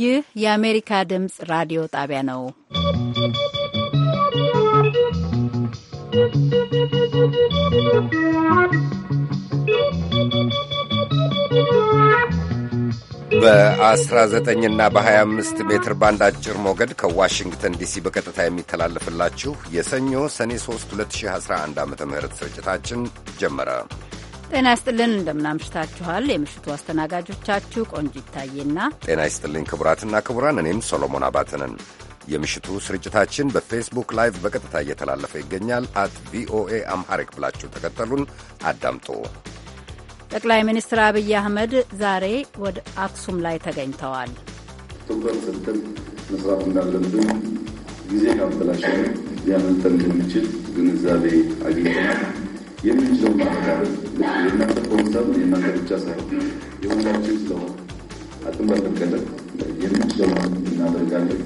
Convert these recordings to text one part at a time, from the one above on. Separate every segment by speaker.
Speaker 1: ይህ የአሜሪካ ድምፅ ራዲዮ ጣቢያ ነው።
Speaker 2: በ19 እና በ25 ሜትር ባንድ አጭር ሞገድ ከዋሽንግተን ዲሲ በቀጥታ የሚተላለፍላችሁ የሰኞ ሰኔ 3 2011 ዓ ም ስርጭታችን ጀመረ።
Speaker 1: ጤና ይስጥልን እንደምናምሽታችኋል። የምሽቱ አስተናጋጆቻችሁ ቆንጅ ይታየና፣
Speaker 2: ጤና ይስጥልኝ ክቡራትና ክቡራን፣ እኔም ሶሎሞን አባተንን። የምሽቱ ስርጭታችን በፌስቡክ ላይቭ በቀጥታ እየተላለፈ ይገኛል። አት ቪኦኤ አምሐሪክ ብላችሁ ተከተሉን አዳምጡ።
Speaker 1: ጠቅላይ ሚኒስትር አብይ አህመድ ዛሬ ወደ አክሱም ላይ ተገኝተዋል።
Speaker 3: ትኩረት ሰጥተን መስራት እንዳለብን ጊዜ ካበላሸን ያመልጠን እንደሚችል ግንዛቤ አግኝተናል። የምንችለው የእናንተ
Speaker 1: የእናንተ ብቻ ሳይሆን የሁላችን ስለሆነ አቅም በፈቀደ የምንችለውን እናደርጋለን።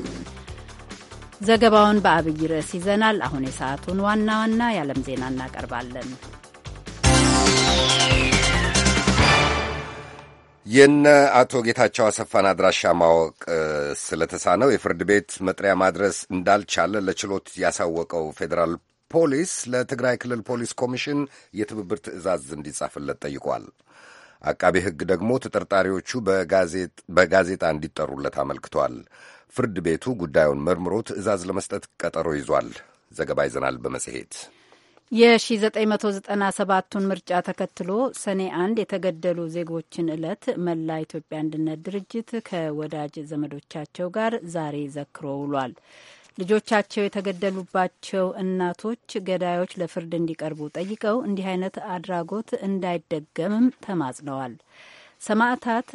Speaker 1: ዘገባውን በአብይ ርዕስ ይዘናል። አሁን የሰዓቱን ዋና ዋና የዓለም ዜና እናቀርባለን።
Speaker 2: የነ አቶ ጌታቸው አሰፋን አድራሻ ማወቅ ስለተሳነው የፍርድ ቤት መጥሪያ ማድረስ እንዳልቻለ ለችሎት ያሳወቀው ፌዴራል ፖሊስ ለትግራይ ክልል ፖሊስ ኮሚሽን የትብብር ትዕዛዝ እንዲጻፍለት ጠይቋል። አቃቤ ሕግ ደግሞ ተጠርጣሪዎቹ በጋዜጣ እንዲጠሩለት አመልክቷል። ፍርድ ቤቱ ጉዳዩን መርምሮ ትዕዛዝ ለመስጠት ቀጠሮ ይዟል። ዘገባ ይዘናል በመጽሔት
Speaker 1: የ1997ቱን ምርጫ ተከትሎ ሰኔ አንድ የተገደሉ ዜጎችን ዕለት መላ ኢትዮጵያ አንድነት ድርጅት ከወዳጅ ዘመዶቻቸው ጋር ዛሬ ዘክሮ ውሏል። ልጆቻቸው የተገደሉባቸው እናቶች ገዳዮች ለፍርድ እንዲቀርቡ ጠይቀው እንዲህ አይነት አድራጎት እንዳይደገምም ተማጽነዋል። ሰማዕታት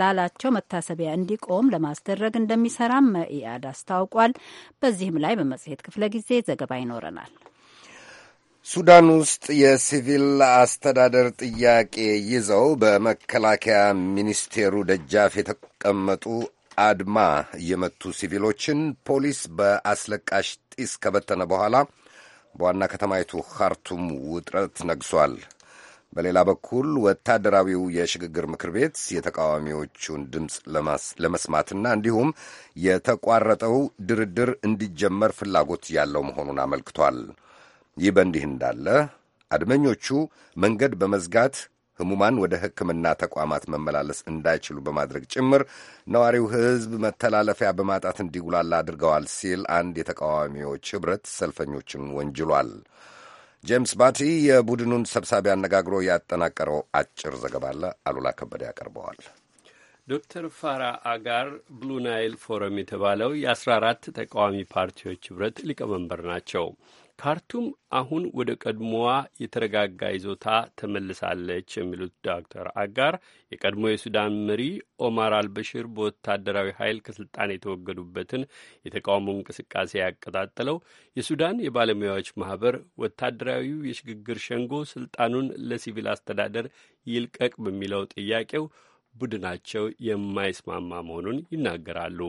Speaker 1: ላላቸው መታሰቢያ እንዲቆም ለማስደረግ እንደሚሰራም መኢአድ አስታውቋል። በዚህም ላይ በመጽሔት ክፍለ ጊዜ ዘገባ
Speaker 2: ይኖረናል። ሱዳን ውስጥ የሲቪል አስተዳደር ጥያቄ ይዘው በመከላከያ ሚኒስቴሩ ደጃፍ የተቀመጡ አድማ የመቱ ሲቪሎችን ፖሊስ በአስለቃሽ ጢስ ከበተነ በኋላ በዋና ከተማይቱ ካርቱም ውጥረት ነግሷል። በሌላ በኩል ወታደራዊው የሽግግር ምክር ቤት የተቃዋሚዎቹን ድምፅ ለመስማትና እንዲሁም የተቋረጠው ድርድር እንዲጀመር ፍላጎት ያለው መሆኑን አመልክቷል። ይህ በእንዲህ እንዳለ አድመኞቹ መንገድ በመዝጋት ህሙማን ወደ ሕክምና ተቋማት መመላለስ እንዳይችሉ በማድረግ ጭምር ነዋሪው ህዝብ መተላለፊያ በማጣት እንዲጉላላ አድርገዋል ሲል አንድ የተቃዋሚዎች ኅብረት ሰልፈኞችን ወንጅሏል። ጄምስ ባቲ የቡድኑን ሰብሳቢ አነጋግሮ ያጠናቀረው አጭር ዘገባ አለ። አሉላ ከበደ ያቀርበዋል።
Speaker 4: ዶክተር ፋራ አጋር ብሉ ናይል ፎረም የተባለው የአስራ አራት ተቃዋሚ ፓርቲዎች ኅብረት ሊቀመንበር ናቸው። ካርቱም አሁን ወደ ቀድሞዋ የተረጋጋ ይዞታ ተመልሳለች የሚሉት ዶክተር አጋር የቀድሞ የሱዳን መሪ ኦማር አልበሽር በወታደራዊ ኃይል ከስልጣን የተወገዱበትን የተቃውሞ እንቅስቃሴ ያቀጣጠለው የሱዳን የባለሙያዎች ማህበር ወታደራዊው የሽግግር ሸንጎ ስልጣኑን ለሲቪል አስተዳደር ይልቀቅ በሚለው ጥያቄው ቡድናቸው የማይስማማ መሆኑን ይናገራሉ።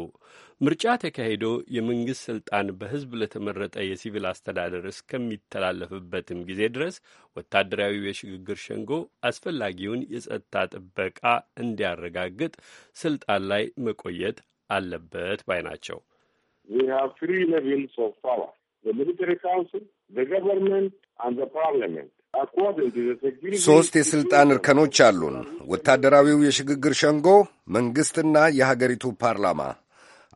Speaker 4: ምርጫ ተካሂዶ የመንግሥት ሥልጣን በሕዝብ ለተመረጠ የሲቪል አስተዳደር እስከሚተላለፍበትም ጊዜ ድረስ ወታደራዊ የሽግግር ሸንጎ አስፈላጊውን የጸጥታ ጥበቃ እንዲያረጋግጥ ስልጣን ላይ መቆየት አለበት ባይ ናቸው።
Speaker 5: ሚሊተሪ ካውንስል፣ ገቨርንመንት አንድ ፓርላመንት ሶስት
Speaker 4: የስልጣን
Speaker 2: እርከኖች አሉን። ወታደራዊው የሽግግር ሸንጎ፣ መንግሥትና የሀገሪቱ ፓርላማ።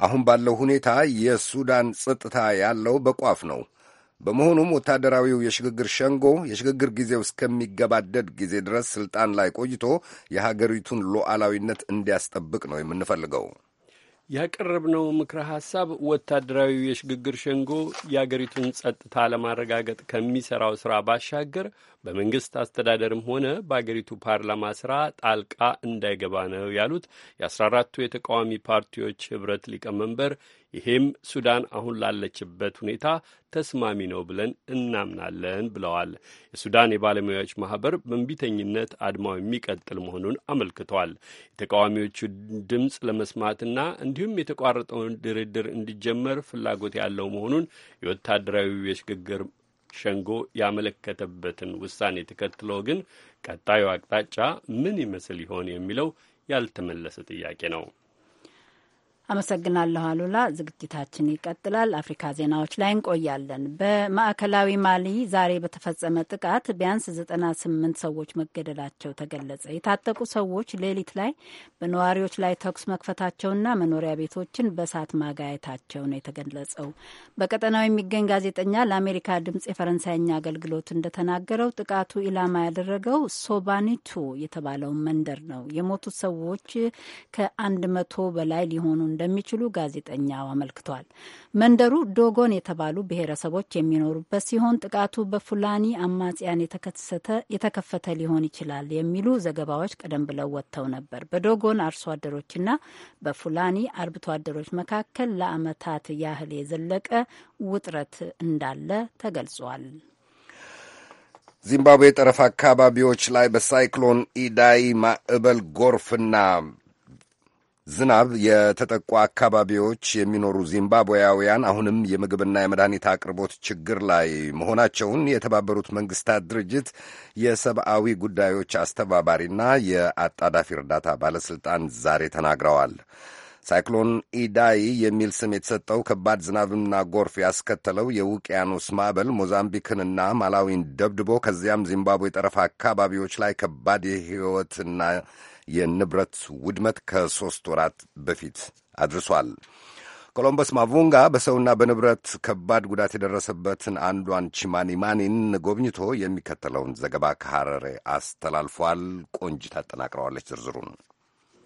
Speaker 2: አሁን ባለው ሁኔታ የሱዳን ጸጥታ ያለው በቋፍ ነው። በመሆኑም ወታደራዊው የሽግግር ሸንጎ የሽግግር ጊዜው እስከሚገባደድ ጊዜ ድረስ ስልጣን ላይ ቆይቶ የሀገሪቱን ሉዓላዊነት እንዲያስጠብቅ ነው የምንፈልገው።
Speaker 4: ያቀረብነው ምክረ ሀሳብ ወታደራዊ የሽግግር ሸንጎ የአገሪቱን ጸጥታ ለማረጋገጥ ከሚሰራው ስራ ባሻገር በመንግስት አስተዳደርም ሆነ በአገሪቱ ፓርላማ ስራ ጣልቃ እንዳይገባ ነው ያሉት የአስራ አራቱ የተቃዋሚ ፓርቲዎች ህብረት ሊቀመንበር ይሄም ሱዳን አሁን ላለችበት ሁኔታ ተስማሚ ነው ብለን እናምናለን ብለዋል። የሱዳን የባለሙያዎች ማህበር በእንቢተኝነት አድማው የሚቀጥል መሆኑን አመልክቷል። የተቃዋሚዎቹ ድምፅ ለመስማትና እንዲሁም የተቋረጠውን ድርድር እንዲጀመር ፍላጎት ያለው መሆኑን የወታደራዊ የሽግግር ሸንጎ ያመለከተበትን ውሳኔ ተከትሎ ግን ቀጣዩ አቅጣጫ ምን ይመስል ይሆን የሚለው ያልተመለሰ ጥያቄ ነው።
Speaker 1: አመሰግናለሁ አሉላ። ዝግጅታችን ይቀጥላል። አፍሪካ ዜናዎች ላይ እንቆያለን። በማዕከላዊ ማሊ ዛሬ በተፈጸመ ጥቃት ቢያንስ ዘጠና ስምንት ሰዎች መገደላቸው ተገለጸ። የታጠቁ ሰዎች ሌሊት ላይ በነዋሪዎች ላይ ተኩስ መክፈታቸውና መኖሪያ ቤቶችን በእሳት ማጋየታቸው ነው የተገለጸው። በቀጠናው የሚገኝ ጋዜጠኛ ለአሜሪካ ድምጽ የፈረንሳይኛ አገልግሎት እንደተናገረው ጥቃቱ ኢላማ ያደረገው ሶባኒቱ የተባለውን መንደር ነው። የሞቱት ሰዎች ከአንድ መቶ በላይ ሊሆኑ እንደሚችሉ ጋዜጠኛው አመልክቷል። መንደሩ ዶጎን የተባሉ ብሔረሰቦች የሚኖሩበት ሲሆን ጥቃቱ በፉላኒ አማጽያን የተከፈተ ሊሆን ይችላል የሚሉ ዘገባዎች ቀደም ብለው ወጥተው ነበር። በዶጎን አርሶ አደሮችና በፉላኒ አርብቶ አደሮች መካከል ለዓመታት ያህል የዘለቀ ውጥረት እንዳለ ተገልጿል።
Speaker 2: ዚምባብዌ ጠረፍ አካባቢዎች ላይ በሳይክሎን ኢዳይ ማዕበል ጎርፍና ዝናብ የተጠቁ አካባቢዎች የሚኖሩ ዚምባብዌያውያን አሁንም የምግብና የመድኃኒት አቅርቦት ችግር ላይ መሆናቸውን የተባበሩት መንግስታት ድርጅት የሰብአዊ ጉዳዮች አስተባባሪና የአጣዳፊ እርዳታ ባለሥልጣን ዛሬ ተናግረዋል። ሳይክሎን ኢዳይ የሚል ስም የተሰጠው ከባድ ዝናብና ጎርፍ ያስከተለው የውቅያኖስ ማዕበል ሞዛምቢክንና ማላዊን ደብድቦ ከዚያም ዚምባብዌ ጠረፍ አካባቢዎች ላይ ከባድ የሕይወትና የንብረት ውድመት ከሦስት ወራት በፊት አድርሷል። ኮሎምበስ ማቡንጋ በሰውና በንብረት ከባድ ጉዳት የደረሰበትን አንዷን ቺማኒማኒን ጎብኝቶ የሚከተለውን ዘገባ ከሐረሬ አስተላልፏል። ቆንጅት አጠናቅረዋለች ዝርዝሩን።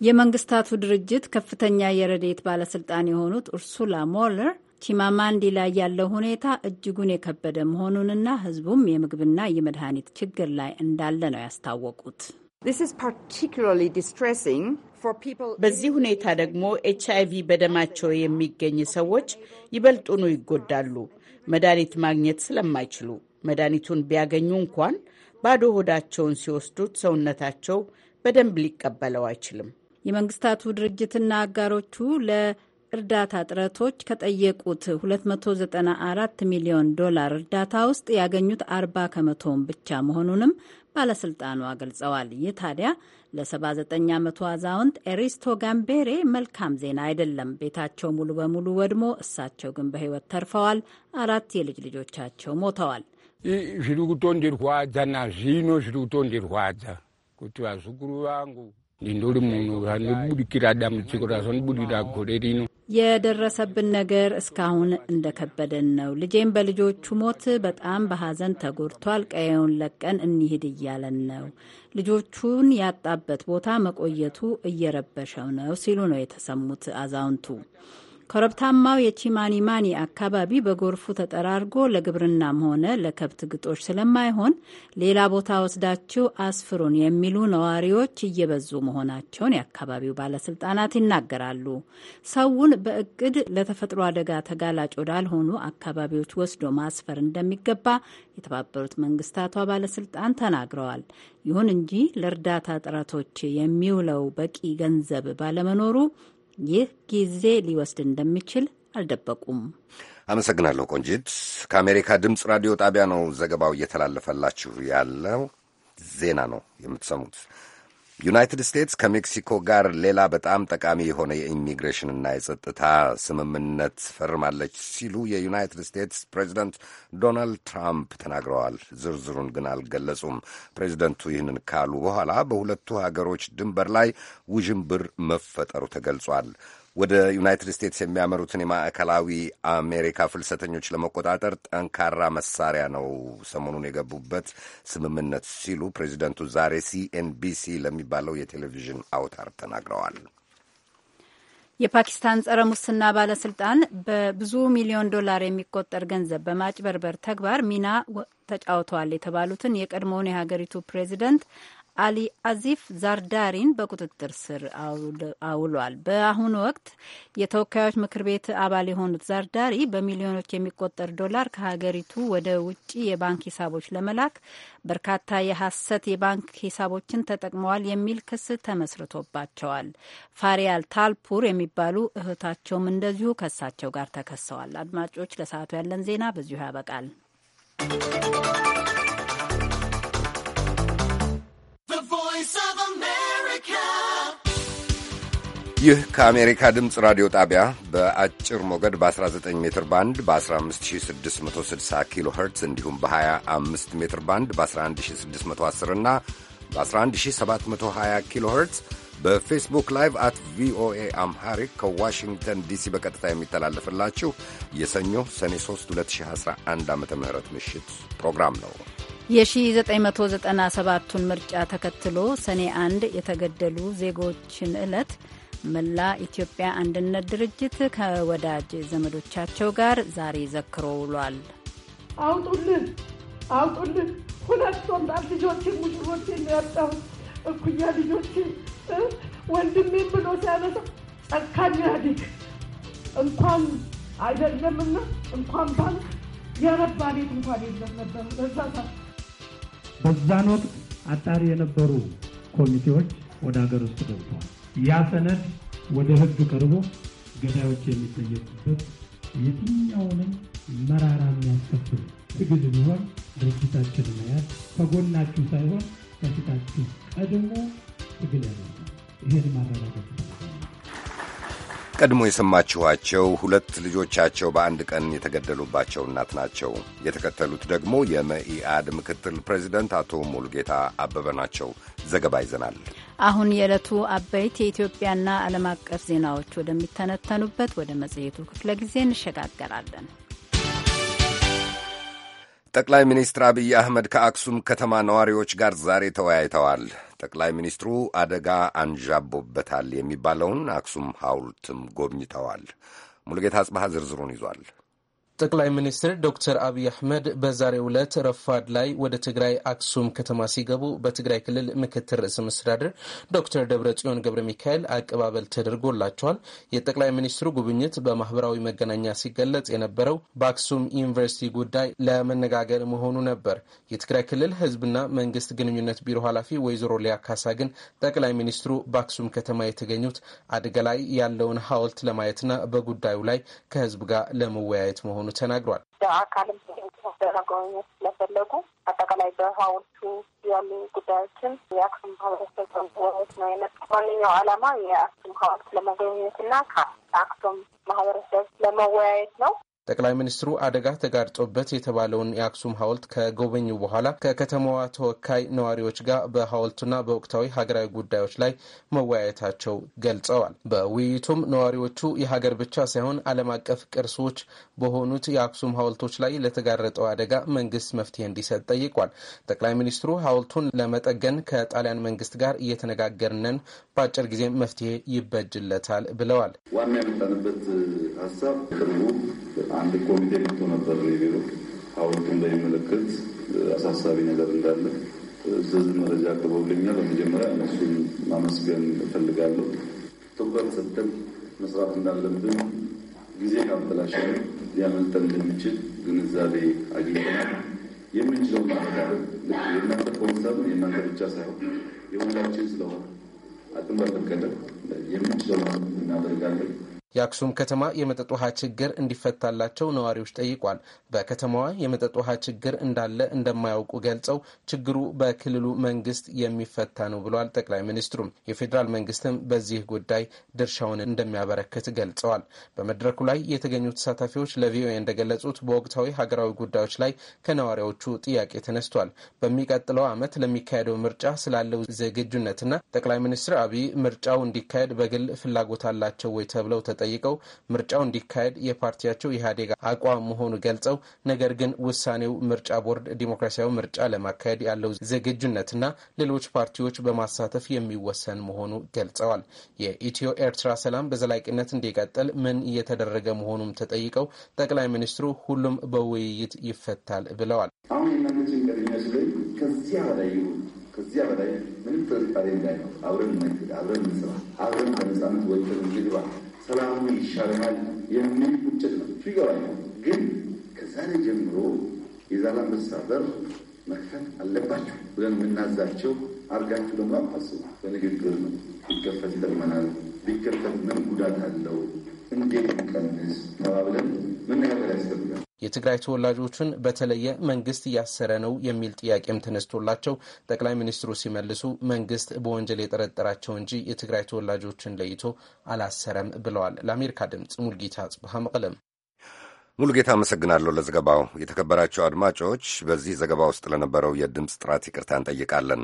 Speaker 1: የመንግስታቱ ድርጅት ከፍተኛ የረዴት ባለስልጣን የሆኑት ኡርሱላ ሞለር ቺማማንዲ ላይ ያለው ሁኔታ እጅጉን የከበደ መሆኑንና ህዝቡም የምግብና የመድኃኒት ችግር ላይ እንዳለ ነው ያስታወቁት።
Speaker 6: በዚህ ሁኔታ ደግሞ ኤች አይቪ በደማቸው የሚገኝ ሰዎች ይበልጡኑ ይጎዳሉ። መድኃኒት ማግኘት ስለማይችሉ መድኃኒቱን ቢያገኙ እንኳን ባዶ ሆዳቸውን ሲወስዱት ሰውነታቸው በደንብ ሊቀበለው አይችልም። የመንግስታቱ ድርጅትና አጋሮቹ
Speaker 1: ለእርዳታ ጥረቶች ከጠየቁት 294 ሚሊዮን ዶላር እርዳታ ውስጥ ያገኙት 40 ከመቶውን ብቻ መሆኑንም ባለስልጣኗ ገልጸዋል። ይህ ታዲያ ለ79 ዓመቱ አዛውንት ኤሪስቶ ጋምቤሬ መልካም ዜና አይደለም። ቤታቸው ሙሉ በሙሉ ወድሞ፣ እሳቸው ግን በሕይወት ተርፈዋል። አራት የልጅ ልጆቻቸው
Speaker 2: ሞተዋል። ሽዱጉቶ እንዲርኋጃ ና ዚኖ ሽዱጉቶ እንዲርኋጃ ሊንዶር ሙኑራን ቡድኪዳዳም ችግራሶን ቡዲዳ ጎዴዲኑ
Speaker 1: የደረሰብን ነገር እስካሁን እንደከበደን ነው። ልጄም በልጆቹ ሞት በጣም በሐዘን ተጎድቷል። ቀየውን ለቀን እንሂድ እያለን ነው። ልጆቹን ያጣበት ቦታ መቆየቱ እየረበሸው ነው ሲሉ ነው የተሰሙት አዛውንቱ። ኮረብታማው የቺማኒማኒ አካባቢ በጎርፉ ተጠራርጎ ለግብርናም ሆነ ለከብት ግጦሽ ስለማይሆን ሌላ ቦታ ወስዳችሁ አስፍሩን የሚሉ ነዋሪዎች እየበዙ መሆናቸውን የአካባቢው ባለስልጣናት ይናገራሉ። ሰውን በእቅድ ለተፈጥሮ አደጋ ተጋላጭ ወዳልሆኑ አካባቢዎች ወስዶ ማስፈር እንደሚገባ የተባበሩት መንግስታቷ ባለስልጣን ተናግረዋል። ይሁን እንጂ ለእርዳታ ጥረቶች የሚውለው በቂ ገንዘብ ባለመኖሩ ይህ ጊዜ ሊወስድ እንደሚችል አልደበቁም።
Speaker 2: አመሰግናለሁ ቆንጂት። ከአሜሪካ ድምፅ ራዲዮ ጣቢያ ነው ዘገባው እየተላለፈላችሁ ያለው ዜና ነው የምትሰሙት። ዩናይትድ ስቴትስ ከሜክሲኮ ጋር ሌላ በጣም ጠቃሚ የሆነ የኢሚግሬሽንና የጸጥታ ስምምነት ፈርማለች ሲሉ የዩናይትድ ስቴትስ ፕሬዚደንት ዶናልድ ትራምፕ ተናግረዋል። ዝርዝሩን ግን አልገለጹም። ፕሬዚደንቱ ይህንን ካሉ በኋላ በሁለቱ ሀገሮች ድንበር ላይ ውዥንብር መፈጠሩ ተገልጿል። ወደ ዩናይትድ ስቴትስ የሚያመሩትን የማዕከላዊ አሜሪካ ፍልሰተኞች ለመቆጣጠር ጠንካራ መሳሪያ ነው ሰሞኑን የገቡበት ስምምነት ሲሉ ፕሬዚደንቱ ዛሬ ሲኤንቢሲ ለሚባለው የቴሌቪዥን አውታር ተናግረዋል።
Speaker 1: የፓኪስታን ጸረ ሙስና ባለስልጣን በብዙ ሚሊዮን ዶላር የሚቆጠር ገንዘብ በማጭበርበር ተግባር ሚና ተጫውተዋል የተባሉትን የቀድሞውን የሀገሪቱ ፕሬዚደንት አሊ አዚፍ ዛርዳሪን በቁጥጥር ስር አውሏል። በአሁኑ ወቅት የተወካዮች ምክር ቤት አባል የሆኑት ዛርዳሪ በሚሊዮኖች የሚቆጠር ዶላር ከሀገሪቱ ወደ ውጭ የባንክ ሂሳቦች ለመላክ በርካታ የሐሰት የባንክ ሂሳቦችን ተጠቅመዋል የሚል ክስ ተመስርቶባቸዋል። ፋሪያል ታልፑር የሚባሉ እህታቸውም እንደዚሁ ከሳቸው ጋር ተከሰዋል። አድማጮች፣ ለሰዓቱ ያለን ዜና በዚሁ ያበቃል።
Speaker 2: ይህ ከአሜሪካ ድምፅ ራዲዮ ጣቢያ በአጭር ሞገድ በ19 ሜትር ባንድ በ15660 ኪሎ ኸርትዝ እንዲሁም በ25 ሜትር ባንድ በ11610 እና በ11720 ኪሎ ኸርትዝ በፌስቡክ ላይቭ አት ቪኦኤ አምሃሪክ ከዋሽንግተን ዲሲ በቀጥታ የሚተላለፍላችሁ የሰኞ ሰኔ 3 2011 ዓ ም ምሽት ፕሮግራም ነው።
Speaker 1: የ1997ቱን ምርጫ ተከትሎ ሰኔ አንድ የተገደሉ ዜጎችን ዕለት መላ ኢትዮጵያ አንድነት ድርጅት ከወዳጅ ዘመዶቻቸው ጋር ዛሬ ዘክሮ ውሏል።
Speaker 7: አውጡልን፣ አውጡልን ሁለት ወንዳት ልጆችን፣ ሙሽሮች የሚያጣው እኩያ ልጆችን ወንድሜ ብሎ ሲያነሳ ጨካኝ ያዲግ እንኳን አይደለምና እንኳን ባንክ የረባ ቤት እንኳን የለም ነበር።
Speaker 8: በዛን ወቅት አጣሪ የነበሩ ኮሚቴዎች ወደ ሀገር ውስጥ ገብተዋል። ያ ሰነድ ወደ ህግ ቀርቦ ገዳዮች የሚጠየቁበት የትኛውንም መራራ የሚያስከፍል ትግል ቢሆን ድርጅታችን መያዝ ከጎናችሁ ሳይሆን ከፊታችሁ ቀድሞ
Speaker 9: ትግል ያለ ይህን
Speaker 10: ማረጋገጥ
Speaker 2: ቀድሞ የሰማችኋቸው ሁለት ልጆቻቸው በአንድ ቀን የተገደሉባቸው እናት ናቸው። የተከተሉት ደግሞ የመኢአድ ምክትል ፕሬዚደንት አቶ ሙሉጌታ አበበ ናቸው። ዘገባ ይዘናል።
Speaker 1: አሁን የዕለቱ አበይት የኢትዮጵያና ዓለም አቀፍ ዜናዎች ወደሚተነተኑበት ወደ መጽሔቱ ክፍለ ጊዜ እንሸጋገራለን።
Speaker 2: ጠቅላይ ሚኒስትር አብይ አህመድ ከአክሱም ከተማ ነዋሪዎች ጋር ዛሬ ተወያይተዋል። ጠቅላይ ሚኒስትሩ አደጋ አንዣቦበታል የሚባለውን አክሱም ሐውልትም ጎብኝተዋል። ሙሉጌታ አጽባሃ ዝርዝሩን ይዟል።
Speaker 9: ጠቅላይ ሚኒስትር ዶክተር አብይ አሕመድ በዛሬው ዕለት ረፋድ ላይ ወደ ትግራይ አክሱም ከተማ ሲገቡ በትግራይ ክልል ምክትል ርዕሰ መስተዳድር ዶክተር ጽዮን ገብረ ሚካኤል አቀባበል ተደርጎላቸዋል። የጠቅላይ ሚኒስትሩ ጉብኝት በማህበራዊ መገናኛ ሲገለጽ የነበረው በአክሱም ዩኒቨርሲቲ ጉዳይ ለመነጋገር መሆኑ ነበር። የትግራይ ክልል ህዝብና መንግስት ግንኙነት ቢሮ ኃላፊ ወይዘሮ ሊያ ካሳ ግን ጠቅላይ ሚኒስትሩ በአክሱም ከተማ የተገኙት አደጋ ላይ ያለውን ሀውልት ለማየትና በጉዳዩ ላይ ከህዝብ ጋር ለመወያየት መሆኑ ተናግሯል።
Speaker 11: በአካልም ለመጎብኘት ስለፈለጉ አጠቃላይ በሀውልቱ ያሉ ጉዳዮችን የአክሱም ማህበረሰብ ወት ነው የመጡ ዋነኛው ዓላማ የአክሱም ሀውልት ለመጎብኘት እና ከአክሱም ማህበረሰብ ለመወያየት ነው።
Speaker 9: ጠቅላይ ሚኒስትሩ አደጋ ተጋርጦበት የተባለውን የአክሱም ሐውልት ከጎበኙ በኋላ ከከተማዋ ተወካይ ነዋሪዎች ጋር በሐውልቱና በወቅታዊ ሀገራዊ ጉዳዮች ላይ መወያየታቸው ገልጸዋል። በውይይቱም ነዋሪዎቹ የሀገር ብቻ ሳይሆን ዓለም አቀፍ ቅርሶች በሆኑት የአክሱም ሐውልቶች ላይ ለተጋረጠው አደጋ መንግስት መፍትሄ እንዲሰጥ ጠይቋል። ጠቅላይ ሚኒስትሩ ሐውልቱን ለመጠገን ከጣሊያን መንግስት ጋር እየተነጋገርነን በአጭር ጊዜ መፍትሄ ይበጅለታል ብለዋል።
Speaker 2: ዋና የመጣንበት
Speaker 12: ሀሳብ አንድ ኮሚቴ መጥቶ ነበር ቢሮ ሀውልቱን በሚመለከት አሳሳቢ ነገር እንዳለ ዝዝ መረጃ አቅርበውልኛል። በመጀመሪያ እነሱን ማመስገን እፈልጋለሁ። ትኩረት ሰጥተን መስራት እንዳለብን ጊዜ ካበላሸን ሊያመልጠን እንደሚችል ግንዛቤ አግኝተናል። የምንችለው
Speaker 11: ማረጋገጥ የእናንተ ኮንሰር የእናንተ ብቻ ሳይሆን የሁላችን ስለሆነ
Speaker 9: አቅም በፈቀደ የምንችለው እናደርጋለን። የአክሱም ከተማ የመጠጥ ውሃ ችግር እንዲፈታላቸው ነዋሪዎች ጠይቋል። በከተማዋ የመጠጥ ውሃ ችግር እንዳለ እንደማያውቁ ገልጸው ችግሩ በክልሉ መንግስት የሚፈታ ነው ብለዋል ጠቅላይ ሚኒስትሩም። የፌዴራል መንግስትም በዚህ ጉዳይ ድርሻውን እንደሚያበረክት ገልጸዋል። በመድረኩ ላይ የተገኙ ተሳታፊዎች ለቪኦኤ እንደገለጹት በወቅታዊ ሀገራዊ ጉዳዮች ላይ ከነዋሪዎቹ ጥያቄ ተነስቷል። በሚቀጥለው ዓመት ለሚካሄደው ምርጫ ስላለው ዝግጁነትና ጠቅላይ ሚኒስትር አብይ ምርጫው እንዲካሄድ በግል ፍላጎት አላቸው ወይ ተብለው ተጠይቀው ምርጫው እንዲካሄድ የፓርቲያቸው ኢህአዴግ አቋም መሆኑ ገልጸው ነገር ግን ውሳኔው ምርጫ ቦርድ ዲሞክራሲያዊ ምርጫ ለማካሄድ ያለው ዝግጁነትና ሌሎች ፓርቲዎች በማሳተፍ የሚወሰን መሆኑ ገልጸዋል። የኢትዮ ኤርትራ ሰላም በዘላቂነት እንዲቀጥል ምን እየተደረገ መሆኑም ተጠይቀው ጠቅላይ ሚኒስትሩ ሁሉም በውይይት ይፈታል ብለዋል። አሁን ከዚያ በላይ ይሁን ከዚያ በላይ ምንም ጥርጣሬ እንዳይኖር አብረን አብረን እንስራ
Speaker 12: አብረን በነጻነት ወጥተን እንግባ ሰላሙ ይሻለናል የሚል ቁጭት ነው ይገባል። ግን ከዛሬ ጀምሮ የዛላንበሳ በር መክፈት አለባቸው ብለን የምናዛቸው አድርጋችሁ ደግሞ አታስቡ። በንግግር
Speaker 13: ነው ቢከፈት ይጠቅመናል፣ ቢከፈት ምን ጉዳት አለው፣
Speaker 9: እንዴት ቀንስ ተባብለን መነጋገር ያስፈልጋል። የትግራይ ተወላጆችን በተለየ መንግስት እያሰረ ነው የሚል ጥያቄም ተነስቶላቸው ጠቅላይ ሚኒስትሩ ሲመልሱ መንግስት በወንጀል የጠረጠራቸው እንጂ የትግራይ ተወላጆችን ለይቶ አላሰረም ብለዋል። ለአሜሪካ ድምፅ ሙልጌታ ጽብሃ መቅለም።
Speaker 2: ሙሉጌታ አመሰግናለሁ ለዘገባው። የተከበራቸው አድማጮች፣ በዚህ ዘገባ ውስጥ ለነበረው የድምፅ ጥራት ይቅርታ እንጠይቃለን።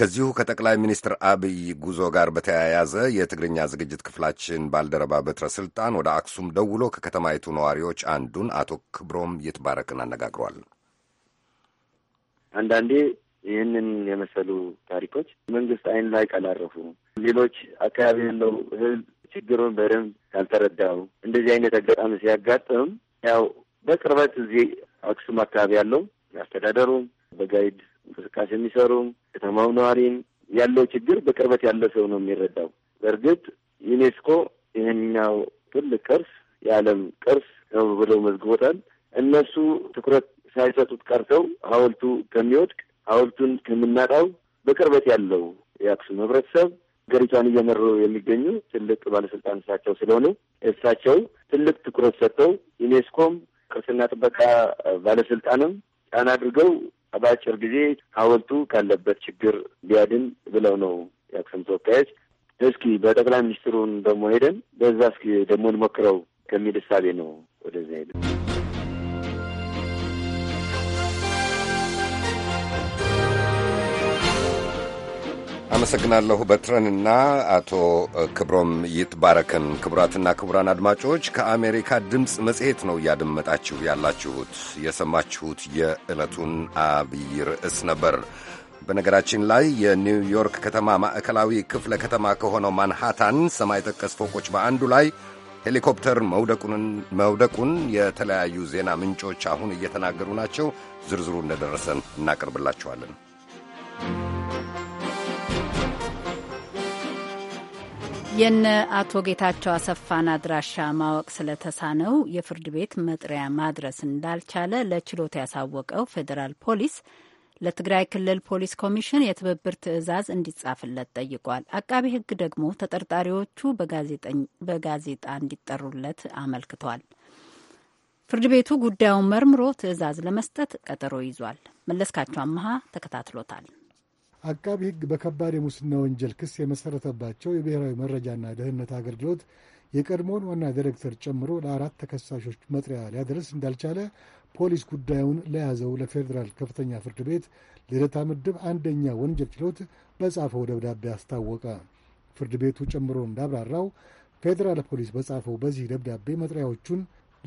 Speaker 2: ከዚሁ ከጠቅላይ ሚኒስትር አብይ ጉዞ ጋር በተያያዘ የትግርኛ ዝግጅት ክፍላችን ባልደረባ በትረ ስልጣን ወደ አክሱም ደውሎ ከከተማይቱ ነዋሪዎች አንዱን አቶ ክብሮም ይትባረክን አነጋግሯል።
Speaker 5: አንዳንዴ ይህንን የመሰሉ ታሪኮች መንግስት አይን ላይ ቀላረፉ፣ ሌሎች አካባቢ ያለው ህዝብ ችግሩን በደንብ ካልተረዳው እንደዚህ አይነት አጋጣሚ ሲያጋጥም ያው በቅርበት እዚህ አክሱም አካባቢ ያለው አስተዳደሩ በጋይድ እንቅስቃሴ የሚሰሩም ከተማው ነዋሪም ያለው ችግር በቅርበት ያለ ሰው ነው የሚረዳው። በእርግጥ ዩኔስኮ ይህኛው ትልቅ ቅርስ የዓለም ቅርስ ነው ብለው መዝግቦታል። እነሱ ትኩረት ሳይሰጡት ቀርተው ሐውልቱ ከሚወድቅ ሐውልቱን ከምናጣው በቅርበት ያለው የአክሱም ህብረተሰብ ሀገሪቷን እየመሩ የሚገኙ ትልቅ ባለስልጣን እሳቸው ስለሆኑ እሳቸው ትልቅ ትኩረት ሰጥተው ዩኔስኮም ቅርስና ጥበቃ ባለስልጣንም ጫና አድርገው በአጭር ጊዜ ሐውልቱ ካለበት ችግር ቢያድን ብለው ነው የአክሱም ተወካዮች። እስኪ በጠቅላይ ሚኒስትሩን ደግሞ ሄደን በዛ እስኪ ደግሞ እንሞክረው ከሚል እሳቤ ነው ወደዚያ ሄደ።
Speaker 2: አመሰግናለሁ በትረንና አቶ ክብሮም ይትባረክን። ክቡራትና ክቡራን አድማጮች ከአሜሪካ ድምፅ መጽሔት ነው እያደመጣችሁ ያላችሁት። የሰማችሁት የዕለቱን አብይ ርዕስ ነበር። በነገራችን ላይ የኒውዮርክ ከተማ ማዕከላዊ ክፍለ ከተማ ከሆነው ማንሃታን ሰማይ ጠቀስ ፎቆች በአንዱ ላይ ሄሊኮፕተር መውደቁን የተለያዩ ዜና ምንጮች አሁን እየተናገሩ ናቸው። ዝርዝሩ እንደደረሰን እናቀርብላችኋለን።
Speaker 1: የነ አቶ ጌታቸው አሰፋን አድራሻ ማወቅ ስለተሳነው የፍርድ ቤት መጥሪያ ማድረስ እንዳልቻለ ለችሎት ያሳወቀው ፌዴራል ፖሊስ ለትግራይ ክልል ፖሊስ ኮሚሽን የትብብር ትዕዛዝ እንዲጻፍለት ጠይቋል። አቃቢ ሕግ ደግሞ ተጠርጣሪዎቹ በጋዜጣ እንዲጠሩለት አመልክቷል። ፍርድ ቤቱ ጉዳዩን መርምሮ ትዕዛዝ ለመስጠት ቀጠሮ ይዟል። መለስካቸው አመሃ ተከታትሎታል።
Speaker 14: አቃቢ ሕግ በከባድ የሙስና ወንጀል ክስ የመሠረተባቸው የብሔራዊ መረጃና ደህንነት አገልግሎት የቀድሞውን ዋና ዲሬክተር ጨምሮ ለአራት ተከሳሾች መጥሪያ ሊያደርስ እንዳልቻለ ፖሊስ ጉዳዩን ለያዘው ለፌዴራል ከፍተኛ ፍርድ ቤት ልደታ ምድብ አንደኛ ወንጀል ችሎት በጻፈው ደብዳቤ አስታወቀ። ፍርድ ቤቱ ጨምሮ እንዳብራራው ፌዴራል ፖሊስ በጻፈው በዚህ ደብዳቤ መጥሪያዎቹን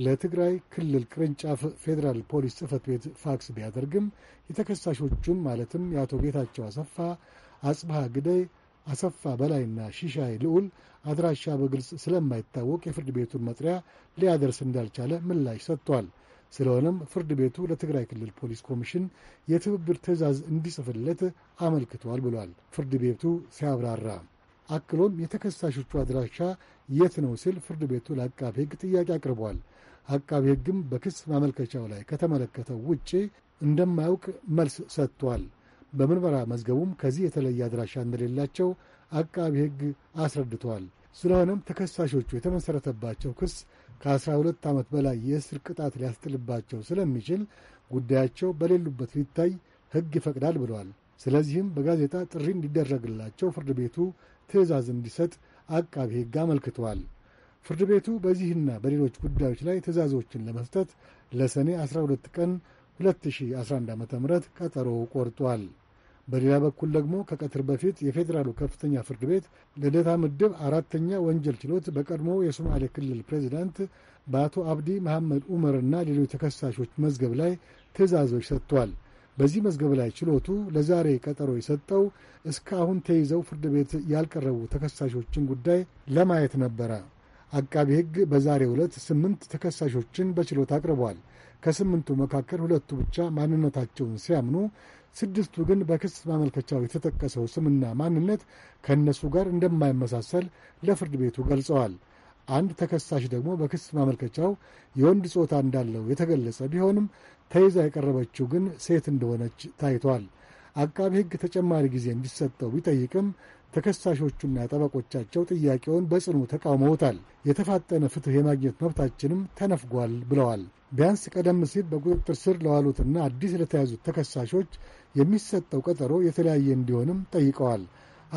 Speaker 14: ለትግራይ ክልል ቅርንጫፍ ፌዴራል ፖሊስ ጽህፈት ቤት ፋክስ ቢያደርግም የተከሳሾቹን ማለትም የአቶ ጌታቸው አሰፋ፣ አጽብሃ ግደይ፣ አሰፋ በላይና ሺሻይ ልዑል አድራሻ በግልጽ ስለማይታወቅ የፍርድ ቤቱን መጥሪያ ሊያደርስ እንዳልቻለ ምላሽ ሰጥቷል። ስለሆነም ፍርድ ቤቱ ለትግራይ ክልል ፖሊስ ኮሚሽን የትብብር ትዕዛዝ እንዲጽፍለት አመልክቷል ብሏል። ፍርድ ቤቱ ሲያብራራ አክሎም የተከሳሾቹ አድራሻ የት ነው ሲል ፍርድ ቤቱ ለአቃቤ ሕግ ጥያቄ አቅርቧል። አቃቢ ሕግም በክስ ማመልከቻው ላይ ከተመለከተው ውጪ እንደማያውቅ መልስ ሰጥቷል። በምርመራ መዝገቡም ከዚህ የተለየ አድራሻ እንደሌላቸው አቃቢ ሕግ አስረድቷል። ስለሆነም ተከሳሾቹ የተመሠረተባቸው ክስ ከ12 ዓመት በላይ የእስር ቅጣት ሊያስጥልባቸው ስለሚችል ጉዳያቸው በሌሉበት ሊታይ ሕግ ይፈቅዳል ብለዋል። ስለዚህም በጋዜጣ ጥሪ እንዲደረግላቸው ፍርድ ቤቱ ትዕዛዝ እንዲሰጥ አቃቢ ሕግ አመልክቷል። ፍርድ ቤቱ በዚህና በሌሎች ጉዳዮች ላይ ትዕዛዞችን ለመስጠት ለሰኔ 12 ቀን 2011 ዓ ም ቀጠሮ ቆርጧል። በሌላ በኩል ደግሞ ከቀትር በፊት የፌዴራሉ ከፍተኛ ፍርድ ቤት ልደታ ምድብ አራተኛ ወንጀል ችሎት በቀድሞ የሶማሌ ክልል ፕሬዚዳንት በአቶ አብዲ መሐመድ ኡመርና ሌሎች ተከሳሾች መዝገብ ላይ ትዕዛዞች ሰጥቷል። በዚህ መዝገብ ላይ ችሎቱ ለዛሬ ቀጠሮ የሰጠው እስከ አሁን ተይዘው ፍርድ ቤት ያልቀረቡ ተከሳሾችን ጉዳይ ለማየት ነበረ። አቃቢ ሕግ በዛሬ ዕለት ስምንት ተከሳሾችን በችሎት አቅርቧል። ከስምንቱ መካከል ሁለቱ ብቻ ማንነታቸውን ሲያምኑ፣ ስድስቱ ግን በክስ ማመልከቻው የተጠቀሰው ስምና ማንነት ከእነሱ ጋር እንደማይመሳሰል ለፍርድ ቤቱ ገልጸዋል። አንድ ተከሳሽ ደግሞ በክስ ማመልከቻው የወንድ ጾታ እንዳለው የተገለጸ ቢሆንም ተይዛ የቀረበችው ግን ሴት እንደሆነች ታይቷል። አቃቢ ሕግ ተጨማሪ ጊዜ እንዲሰጠው ቢጠይቅም ተከሳሾቹና ጠበቆቻቸው ጥያቄውን በጽኑ ተቃውመውታል። የተፋጠነ ፍትሕ የማግኘት መብታችንም ተነፍጓል ብለዋል። ቢያንስ ቀደም ሲል በቁጥጥር ስር ለዋሉትና አዲስ ለተያዙት ተከሳሾች የሚሰጠው ቀጠሮ የተለያየ እንዲሆንም ጠይቀዋል።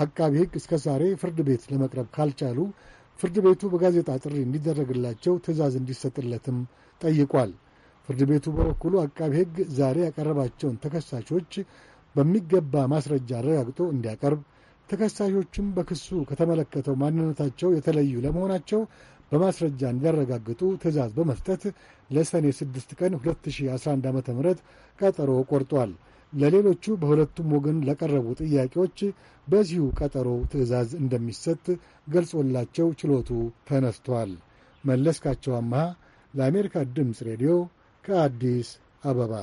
Speaker 14: አቃቢ ሕግ እስከ ዛሬ ፍርድ ቤት ለመቅረብ ካልቻሉ ፍርድ ቤቱ በጋዜጣ ጥሪ እንዲደረግላቸው ትዕዛዝ እንዲሰጥለትም ጠይቋል። ፍርድ ቤቱ በበኩሉ አቃቢ ሕግ ዛሬ ያቀረባቸውን ተከሳሾች በሚገባ ማስረጃ አረጋግጦ እንዲያቀርብ ተከሳሾችም በክሱ ከተመለከተው ማንነታቸው የተለዩ ለመሆናቸው በማስረጃ እንዲያረጋግጡ ትዕዛዝ በመስጠት ለሰኔ 6 ቀን 2011 ዓ ም ቀጠሮ ቆርጧል። ለሌሎቹ በሁለቱም ወገን ለቀረቡ ጥያቄዎች በዚሁ ቀጠሮ ትዕዛዝ እንደሚሰጥ ገልጾላቸው ችሎቱ ተነስቷል። መለስካቸው አመሃ ለአሜሪካ ድምፅ ሬዲዮ ከአዲስ አበባ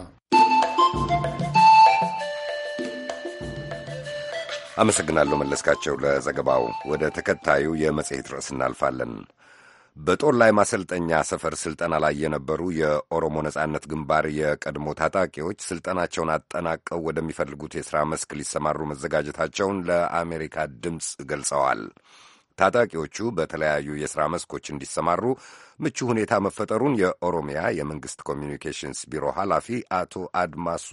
Speaker 2: አመሰግናለሁ መለስካቸው ለዘገባው። ወደ ተከታዩ የመጽሔት ርዕስ እናልፋለን። በጦር ላይ ማሰልጠኛ ሰፈር ስልጠና ላይ የነበሩ የኦሮሞ ነጻነት ግንባር የቀድሞ ታጣቂዎች ስልጠናቸውን አጠናቀው ወደሚፈልጉት የሥራ መስክ ሊሰማሩ መዘጋጀታቸውን ለአሜሪካ ድምፅ ገልጸዋል። ታጣቂዎቹ በተለያዩ የሥራ መስኮች እንዲሰማሩ ምቹ ሁኔታ መፈጠሩን የኦሮሚያ የመንግሥት ኮሚኒኬሽንስ ቢሮ ኃላፊ አቶ አድማሱ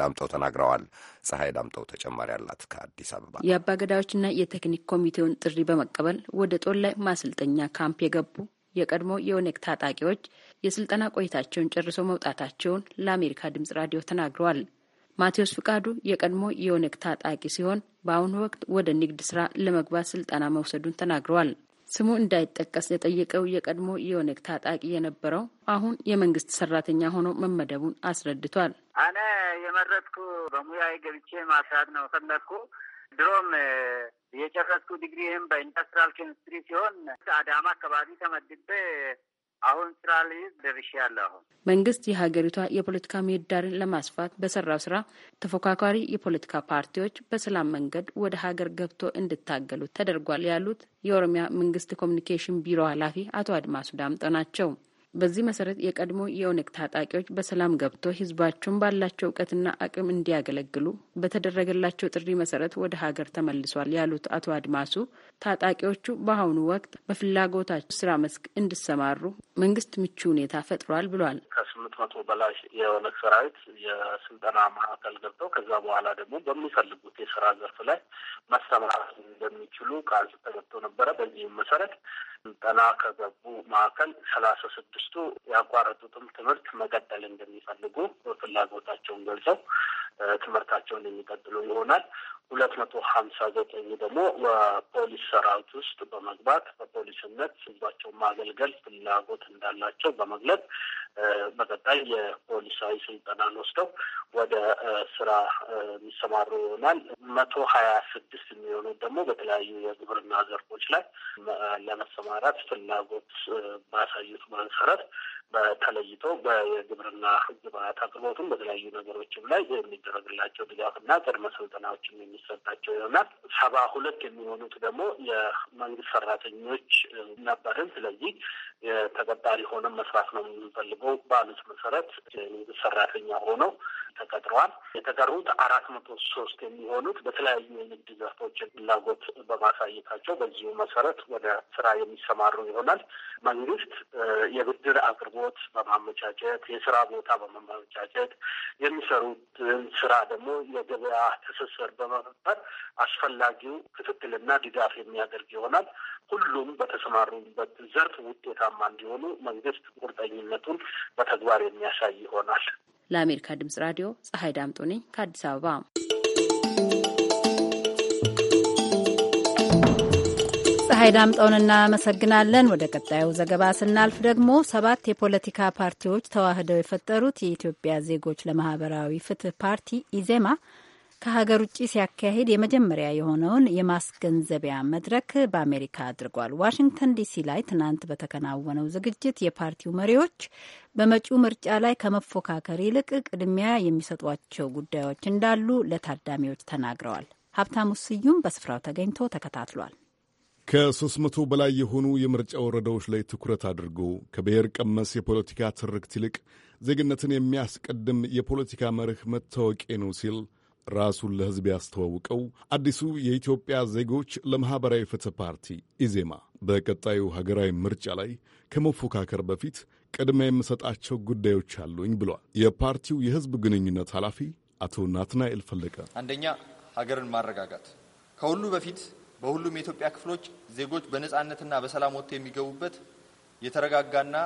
Speaker 2: ዳምጠው ተናግረዋል። ፀሐይ ዳምጠው ተጨማሪ አላት ከአዲስ አበባ።
Speaker 6: የአባገዳዮችና የቴክኒክ ኮሚቴውን ጥሪ በመቀበል ወደ ጦላይ ማሰልጠኛ ካምፕ የገቡ የቀድሞ የኦነግ ታጣቂዎች የስልጠና ቆይታቸውን ጨርሰው መውጣታቸውን ለአሜሪካ ድምጽ ራዲዮ ተናግረዋል። ማቴዎስ ፍቃዱ የቀድሞ የኦነግ ታጣቂ ሲሆን በአሁኑ ወቅት ወደ ንግድ ስራ ለመግባት ስልጠና መውሰዱን ተናግረዋል። ስሙ እንዳይጠቀስ የጠየቀው የቀድሞ የኦነግ ታጣቂ የነበረው አሁን የመንግስት ሰራተኛ ሆኖ መመደቡን አስረድቷል።
Speaker 7: እኔ
Speaker 11: የመረጥኩ በሙያዬ ገብቼ ማስራት ነው ፈለግኩ። ድሮም የጨረስኩ ዲግሪህም በኢንዱስትሪያል ኬሚስትሪ ሲሆን አዳማ አካባቢ ተመድቤ አሁን ስራ ላይ ደርሼ ያለ አሁን
Speaker 6: መንግስት የሀገሪቷ የፖለቲካ ምህዳርን ለማስፋት በሰራው ስራ ተፎካካሪ የፖለቲካ ፓርቲዎች በሰላም መንገድ ወደ ሀገር ገብቶ እንድታገሉ ተደርጓል ያሉት የኦሮሚያ መንግስት ኮሚኒኬሽን ቢሮ ኃላፊ አቶ አድማሱ ዳምጠ ናቸው። በዚህ መሰረት የቀድሞ የኦነግ ታጣቂዎች በሰላም ገብቶ ህዝባቸውን ባላቸው እውቀትና አቅም እንዲያገለግሉ በተደረገላቸው ጥሪ መሰረት ወደ ሀገር ተመልሷል ያሉት አቶ አድማሱ ታጣቂዎቹ በአሁኑ ወቅት በፍላጎታቸው ስራ መስክ እንዲሰማሩ መንግስት ምቹ ሁኔታ ፈጥሯል ብሏል።
Speaker 11: ከስምንት መቶ በላይ የኦነግ ሰራዊት የስልጠና ማዕከል ገብተው ከዛ በኋላ ደግሞ በሚፈልጉት የስራ ዘርፍ ላይ መሰማራት እንዳይችሉ ቃል ተገብቶ ነበረ። በዚህም መሰረት ጠና ከገቡ መካከል ሰላሳ ስድስቱ ያቋረጡትም ትምህርት መቀጠል እንደሚፈልጉ ፍላጎታቸውን ገልጸው ትምህርታቸውን የሚቀጥሉ ይሆናል። ሁለት መቶ ሀምሳ ዘጠኝ ደግሞ በፖሊስ ሰራዊት ውስጥ በመግባት በፖሊስነት ህዝባቸውን ማገልገል ፍላጎት እንዳላቸው በመግለጽ በቀጣይ የፖሊሳዊ ስልጠናን ወስደው ወደ ስራ የሚሰማሩ ይሆናል። መቶ ሀያ ስድስት የሚሆኑት ደግሞ በተለያዩ የግብርና ዘርፎች ላይ ለመሰማራት ፍላጎት ባሳዩት መሰረት በተለይቶ በግብርና ግብአት አቅርቦቱም በተለያዩ ነገሮችም ላይ የሚደረግላቸው ድጋፍና ቅድመ ስልጠናዎችም የሚሰጣቸው ይሆናል። ሰባ ሁለት የሚሆኑት ደግሞ የመንግስት ሰራተኞች ነበርን። ስለዚህ ተቀጣሪ ሆነን መስራት ነው የምንፈልገው ባሉት መሰረት የመንግስት ሰራተኛ ሆነው ተቀጥረዋል። የተቀሩት አራት መቶ ሶስት የሚሆኑት በተለያዩ የንግድ ዘርፎች ፍላጎት በማሳየታቸው በዚሁ መሰረት ወደ ስራ የሚሰማሩ ይሆናል። መንግስት የብድር አቅርቦት በማመቻቸት የስራ ቦታ በማመቻቸት የሚሰሩትን ስራ ደግሞ የገበያ ትስስር በመፈጠር አስፈላጊው ክትትልና ድጋፍ የሚያደርግ ይሆናል። ሁሉም በተሰማሩበት ዘርፍ ውጤታማ እንዲሆኑ መንግስት ቁርጠኝነቱን በተግባር የሚያሳይ ይሆናል።
Speaker 6: ለአሜሪካ ድምጽ ራዲዮ ፀሐይ ዳምጦ ነኝ ከአዲስ አበባ
Speaker 1: ፀሐይ ዳምጠውን እናመሰግናለን። ወደ ቀጣዩ ዘገባ ስናልፍ ደግሞ ሰባት የፖለቲካ ፓርቲዎች ተዋህደው የፈጠሩት የኢትዮጵያ ዜጎች ለማህበራዊ ፍትህ ፓርቲ ኢዜማ ከሀገር ውጭ ሲያካሄድ የመጀመሪያ የሆነውን የማስገንዘቢያ መድረክ በአሜሪካ አድርጓል። ዋሽንግተን ዲሲ ላይ ትናንት በተከናወነው ዝግጅት የፓርቲው መሪዎች በመጪው ምርጫ ላይ ከመፎካከር ይልቅ ቅድሚያ የሚሰጧቸው ጉዳዮች እንዳሉ ለታዳሚዎች ተናግረዋል። ሀብታሙ ስዩም በስፍራው ተገኝቶ ተከታትሏል።
Speaker 3: ከ300 በላይ የሆኑ የምርጫ ወረዳዎች ላይ ትኩረት አድርጎ ከብሔር ቀመስ የፖለቲካ ትርክት ይልቅ ዜግነትን የሚያስቀድም የፖለቲካ መርህ መታወቂያ ነው ሲል ራሱን ለሕዝብ ያስተዋውቀው አዲሱ የኢትዮጵያ ዜጎች ለማኅበራዊ ፍትህ ፓርቲ ኢዜማ በቀጣዩ ሀገራዊ ምርጫ ላይ ከመፎካከር በፊት ቅድሚያ የምሰጣቸው ጉዳዮች አሉኝ ብሏል። የፓርቲው የሕዝብ ግንኙነት ኃላፊ አቶ ናትናኤል ፈለቀ
Speaker 13: አንደኛ ሀገርን ማረጋጋት ከሁሉ በፊት በሁሉም የኢትዮጵያ ክፍሎች ዜጎች በነጻነትና በሰላም ወጥተው የሚገቡበት የተረጋጋና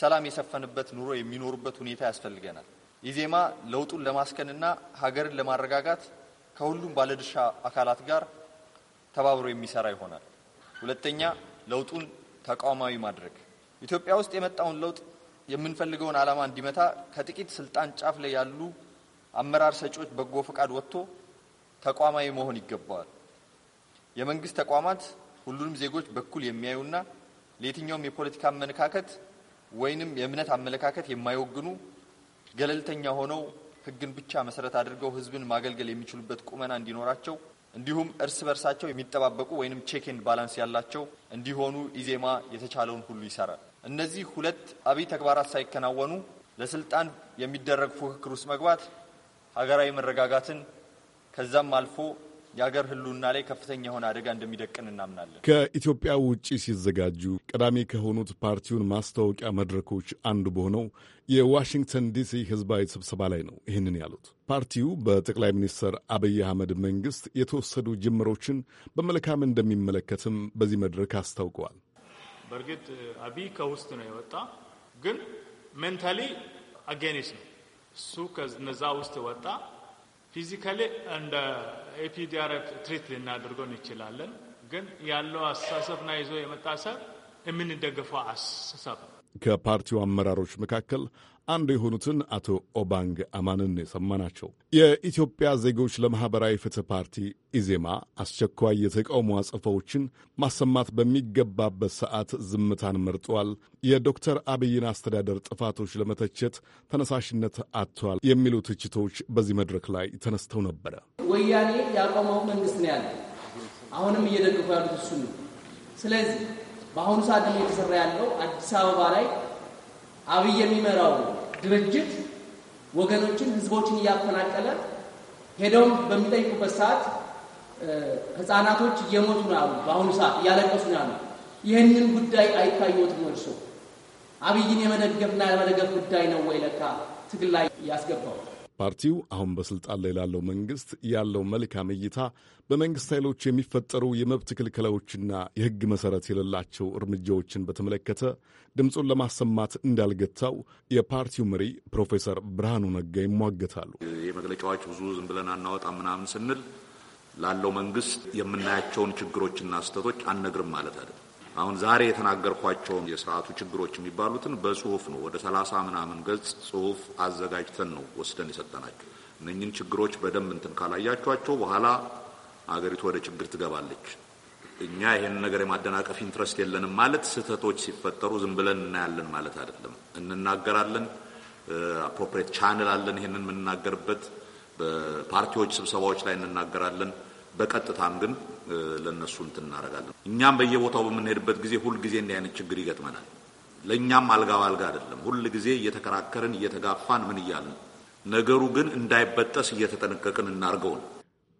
Speaker 13: ሰላም የሰፈንበት ኑሮ የሚኖሩበት ሁኔታ ያስፈልገናል። ኢዜማ ለውጡን ለማስከንና ሀገርን ለማረጋጋት ከሁሉም ባለድርሻ አካላት ጋር ተባብሮ የሚሰራ ይሆናል። ሁለተኛ ለውጡን ተቋማዊ ማድረግ ኢትዮጵያ ውስጥ የመጣውን ለውጥ የምንፈልገውን ዓላማ እንዲመታ ከጥቂት ስልጣን ጫፍ ላይ ያሉ አመራር ሰጪዎች በጎ ፈቃድ ወጥቶ ተቋማዊ መሆን ይገባዋል። የመንግስት ተቋማት ሁሉንም ዜጎች በኩል የሚያዩና ለየትኛውም የፖለቲካ አመለካከት ወይንም የእምነት አመለካከት የማይወግኑ ገለልተኛ ሆነው ህግን ብቻ መሰረት አድርገው ህዝብን ማገልገል የሚችሉበት ቁመና እንዲኖራቸው እንዲሁም እርስ በርሳቸው የሚጠባበቁ ወይንም ቼክን ባላንስ ያላቸው እንዲሆኑ ኢዜማ የተቻለውን ሁሉ ይሰራል። እነዚህ ሁለት አብይ ተግባራት ሳይከናወኑ ለስልጣን የሚደረግ ፉክክር ውስጥ መግባት ሀገራዊ መረጋጋትን ከዛም አልፎ የአገር ህልና ላይ ከፍተኛ የሆነ አደጋ እንደሚደቅን እናምናለን።
Speaker 3: ከኢትዮጵያ ውጭ ሲዘጋጁ ቀዳሚ ከሆኑት ፓርቲውን ማስታወቂያ መድረኮች አንዱ በሆነው የዋሽንግተን ዲሲ ህዝባዊ ስብሰባ ላይ ነው ይህንን ያሉት። ፓርቲው በጠቅላይ ሚኒስትር አብይ አህመድ መንግስት የተወሰዱ ጅምሮችን በመልካም እንደሚመለከትም በዚህ መድረክ አስታውቀዋል።
Speaker 15: በእርግጥ አብይ ከውስጥ ነው የወጣ ግን ሜንታሊ አጌኒስ ነው እሱ ከነዛ ውስጥ ወጣ ፊዚካሊ እንደ ኤፒዲያረት ትሪት ልናደርገው እንችላለን። ግን ያለው አስተሳሰብና ይዞ የመጣ ሰብ የምንደግፈው አስተሳሰብ
Speaker 3: ከፓርቲው አመራሮች መካከል አንዱ የሆኑትን አቶ ኦባንግ አማንን የሰማናቸው። የኢትዮጵያ ዜጎች ለማኅበራዊ ፍትህ ፓርቲ ኢዜማ አስቸኳይ የተቃውሞ አጸፋዎችን ማሰማት በሚገባበት ሰዓት ዝምታን መርጧል፣ የዶክተር አብይን አስተዳደር ጥፋቶች ለመተቸት ተነሳሽነት አጥቷል የሚሉ ትችቶች በዚህ መድረክ ላይ ተነስተው ነበረ።
Speaker 16: ወያኔ ያቆመው መንግስት ነው ያለ አሁንም እየደግፉ ያሉት እሱ ነው። ስለዚህ በአሁኑ ሰዓት የተሰራ ያለው አዲስ አበባ ላይ አብይ የሚመራው ድርጅት ወገኖችን፣ ህዝቦችን እያፈናቀለ ሄደውም በሚጠይቁበት ሰዓት ህፃናቶች እየሞቱ ነው ያሉ፣ በአሁኑ ሰዓት እያለቀሱ ነው ያሉ። ይህንን ጉዳይ አይታየትም እርሶ አብይን የመደገፍና ያለመደገፍ ጉዳይ ነው ወይ ለካ ትግል ላይ ያስገባው?
Speaker 3: ፓርቲው አሁን በስልጣን ላይ ላለው መንግስት ያለው መልካም እይታ በመንግስት ኃይሎች የሚፈጠሩ የመብት ክልከላዎችና የሕግ መሠረት የሌላቸው እርምጃዎችን በተመለከተ ድምፁን ለማሰማት እንዳልገታው የፓርቲው መሪ ፕሮፌሰር ብርሃኑ ነጋ ይሟገታሉ።
Speaker 12: የመግለጫዎች ብዙ ዝም ብለን አናወጣ ምናምን ስንል ላለው መንግስት የምናያቸውን ችግሮችና ስህተቶች አንነግርም ማለት አይደለም። አሁን ዛሬ የተናገርኳቸውን የስርዓቱ ችግሮች የሚባሉትን በጽሁፍ ነው ወደ ሰላሳ ምናምን ገጽ ጽሁፍ አዘጋጅተን ነው ወስደን የሰጠናቸው። እነኝን ችግሮች በደንብ እንትን ካላያቸዋቸው በኋላ አገሪቱ ወደ ችግር ትገባለች። እኛ ይሄን ነገር የማደናቀፍ ኢንትረስት የለንም ማለት ስህተቶች ሲፈጠሩ ዝም ብለን እናያለን ማለት አይደለም። እንናገራለን። አፕሮፕሬት ቻንል አለን። ይህንን የምንናገርበት በፓርቲዎች ስብሰባዎች ላይ እንናገራለን። በቀጥታም ግን ለእነሱ እንትን እናደርጋለን። እኛም በየቦታው በምንሄድበት ጊዜ ሁልጊዜ እንዲህ አይነት ችግር ይገጥመናል። ለእኛም አልጋ ባልጋ አይደለም። ሁል ጊዜ እየተከራከርን እየተጋፋን ምን እያልን ነገሩ ግን እንዳይበጠስ እየተጠነቀቅን እናርገው ነው።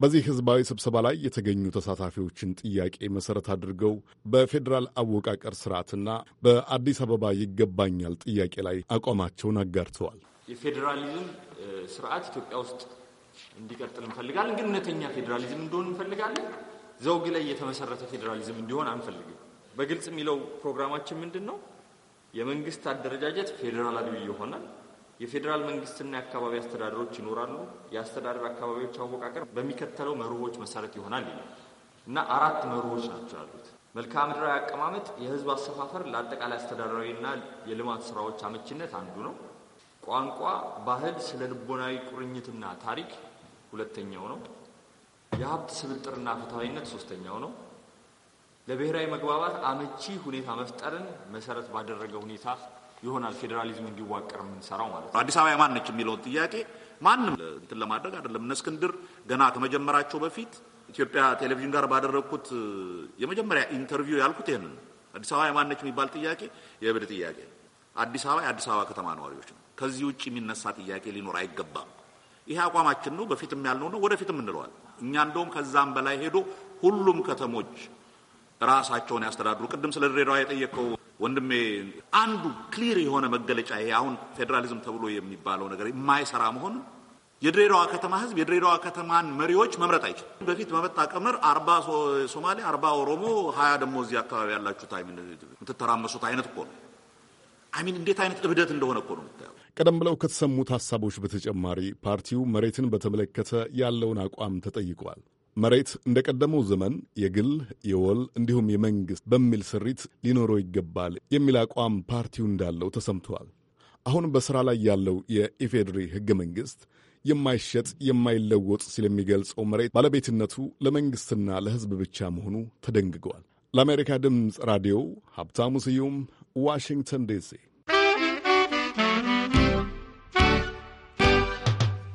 Speaker 3: በዚህ ህዝባዊ ስብሰባ ላይ የተገኙ ተሳታፊዎችን ጥያቄ መሰረት አድርገው በፌዴራል አወቃቀር ስርዓትና በአዲስ አበባ ይገባኛል ጥያቄ ላይ አቋማቸውን አጋርተዋል።
Speaker 13: የፌዴራሊዝም ስርዓት ኢትዮጵያ ውስጥ እንዲቀጥል እንፈልጋለን። ግን እውነተኛ ፌዴራሊዝም እንዲሆን እንፈልጋለን። ዘውግ ላይ የተመሰረተ ፌዴራሊዝም እንዲሆን አንፈልግም። በግልጽ የሚለው ፕሮግራማችን ምንድን ነው? የመንግስት አደረጃጀት ፌዴራላዊ ይሆናል። የፌዴራል መንግስትና የአካባቢ አስተዳደሮች ይኖራሉ። የአስተዳደር አካባቢዎች አወቃቀር በሚከተለው መርሆች መሰረት ይሆናል ይላል እና አራት መርሆች ናቸው ያሉት መልክዓ ምድራዊ አቀማመጥ፣ የህዝብ አሰፋፈር ለአጠቃላይ አስተዳደራዊና የልማት ስራዎች አመችነት አንዱ ነው። ቋንቋ፣ ባህል፣ ስነ ልቦናዊ ቁርኝትና ታሪክ ሁለተኛው ነው። የሀብት ስብጥርና ፍትሐዊነት ሶስተኛው ነው። ለብሔራዊ መግባባት አመቺ ሁኔታ መፍጠርን መሰረት ባደረገ ሁኔታ ይሆናል ፌዴራሊዝም እንዲዋቀር የምንሰራው ማለት ነው።
Speaker 12: አዲስ አበባ የማን ነች የሚለውን ጥያቄ ማንም እንትን ለማድረግ አይደለም። እነ እስክንድር ገና ከመጀመራቸው በፊት ኢትዮጵያ ቴሌቪዥን ጋር ባደረግኩት የመጀመሪያ ኢንተርቪው ያልኩት ይህንን አዲስ አበባ የማን ነች የሚባል ጥያቄ የብድ ጥያቄ፣ አዲስ አበባ የአዲስ አበባ ከተማ ነዋሪዎች ነው። ከዚህ ውጭ የሚነሳ ጥያቄ ሊኖር አይገባም። ይሄ አቋማችን ነው። በፊትም ያልነው ነው፣ ወደፊትም እንለዋል። እኛ እንደውም ከዛም በላይ ሄዶ ሁሉም ከተሞች ራሳቸውን ያስተዳድሩ። ቅድም ስለ ድሬዳዋ የጠየቀው ወንድሜ አንዱ ክሊር የሆነ መገለጫ ይሄ አሁን ፌዴራሊዝም ተብሎ የሚባለው ነገር የማይሰራ መሆኑ የድሬዳዋ ከተማ ህዝብ የድሬዳዋ ከተማን መሪዎች መምረጥ አይችልም። በፊት በመጣ ቀመር አርባ ሶማሌ፣ አርባ ኦሮሞ፣ ሀያ ደግሞ እዚህ አካባቢ ያላችሁት የምትተራመሱት አይነት እኮ ነው። አሚን እንዴት አይነት እብደት እንደሆነ እኮ ነው የምታየው።
Speaker 3: ቀደም ብለው ከተሰሙት ሀሳቦች በተጨማሪ ፓርቲው መሬትን በተመለከተ ያለውን አቋም ተጠይቋል። መሬት እንደ ቀደመው ዘመን የግል የወል እንዲሁም የመንግሥት በሚል ስሪት ሊኖረው ይገባል የሚል አቋም ፓርቲው እንዳለው ተሰምተዋል። አሁን በሥራ ላይ ያለው የኢፌዴሪ ሕገ መንግሥት የማይሸጥ የማይለወጥ ሲል የሚገልጸው መሬት ባለቤትነቱ ለመንግሥትና ለሕዝብ ብቻ መሆኑ ተደንግገዋል። ለአሜሪካ ድምፅ ራዲዮ ሀብታሙ ስዩም ዋሽንግተን ዲሲ።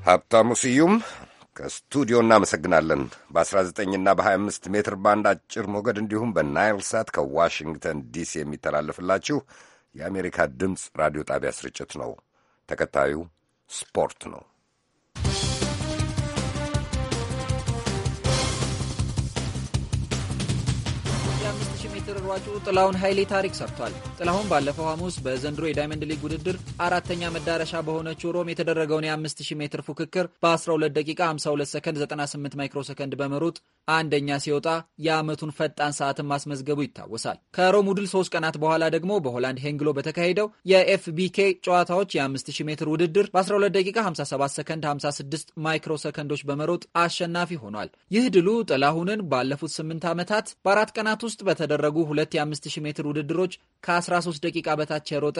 Speaker 2: ሀብታሙ ስዩም ከስቱዲዮ እናመሰግናለን። በ19ና በ25 ሜትር ባንድ አጭር ሞገድ እንዲሁም በናይል ሳት ከዋሽንግተን ዲሲ የሚተላለፍላችሁ የአሜሪካ ድምፅ ራዲዮ ጣቢያ ስርጭት ነው። ተከታዩ ስፖርት ነው።
Speaker 10: ሯጩ ጥላሁን ኃይሌ ታሪክ ሰርቷል። ጥላሁን ባለፈው ሐሙስ በዘንድሮ የዳይመንድ ሊግ ውድድር አራተኛ መዳረሻ በሆነችው ሮም የተደረገውን የ5000 ሜትር ፉክክር በ12 ደቂቃ 52 ሰከንድ 98 ማይክሮ ሰከንድ በመሮጥ አንደኛ ሲወጣ የዓመቱን ፈጣን ሰዓትን ማስመዝገቡ ይታወሳል። ከሮም ውድል ሶስት ቀናት በኋላ ደግሞ በሆላንድ ሄንግሎ በተካሄደው የኤፍቢኬ ጨዋታዎች የ5000 ሜትር ውድድር በ12 ደቂቃ 57 ሰከንድ 56 ማይክሮ ሰከንዶች በመሮጥ አሸናፊ ሆኗል። ይህ ድሉ ጥላሁንን ባለፉት ስምንት ዓመታት በአራት ቀናት ውስጥ በተደረጉ በሁለት የ5000 ሜትር ውድድሮች ከ13 ደቂቃ በታች የሮጠ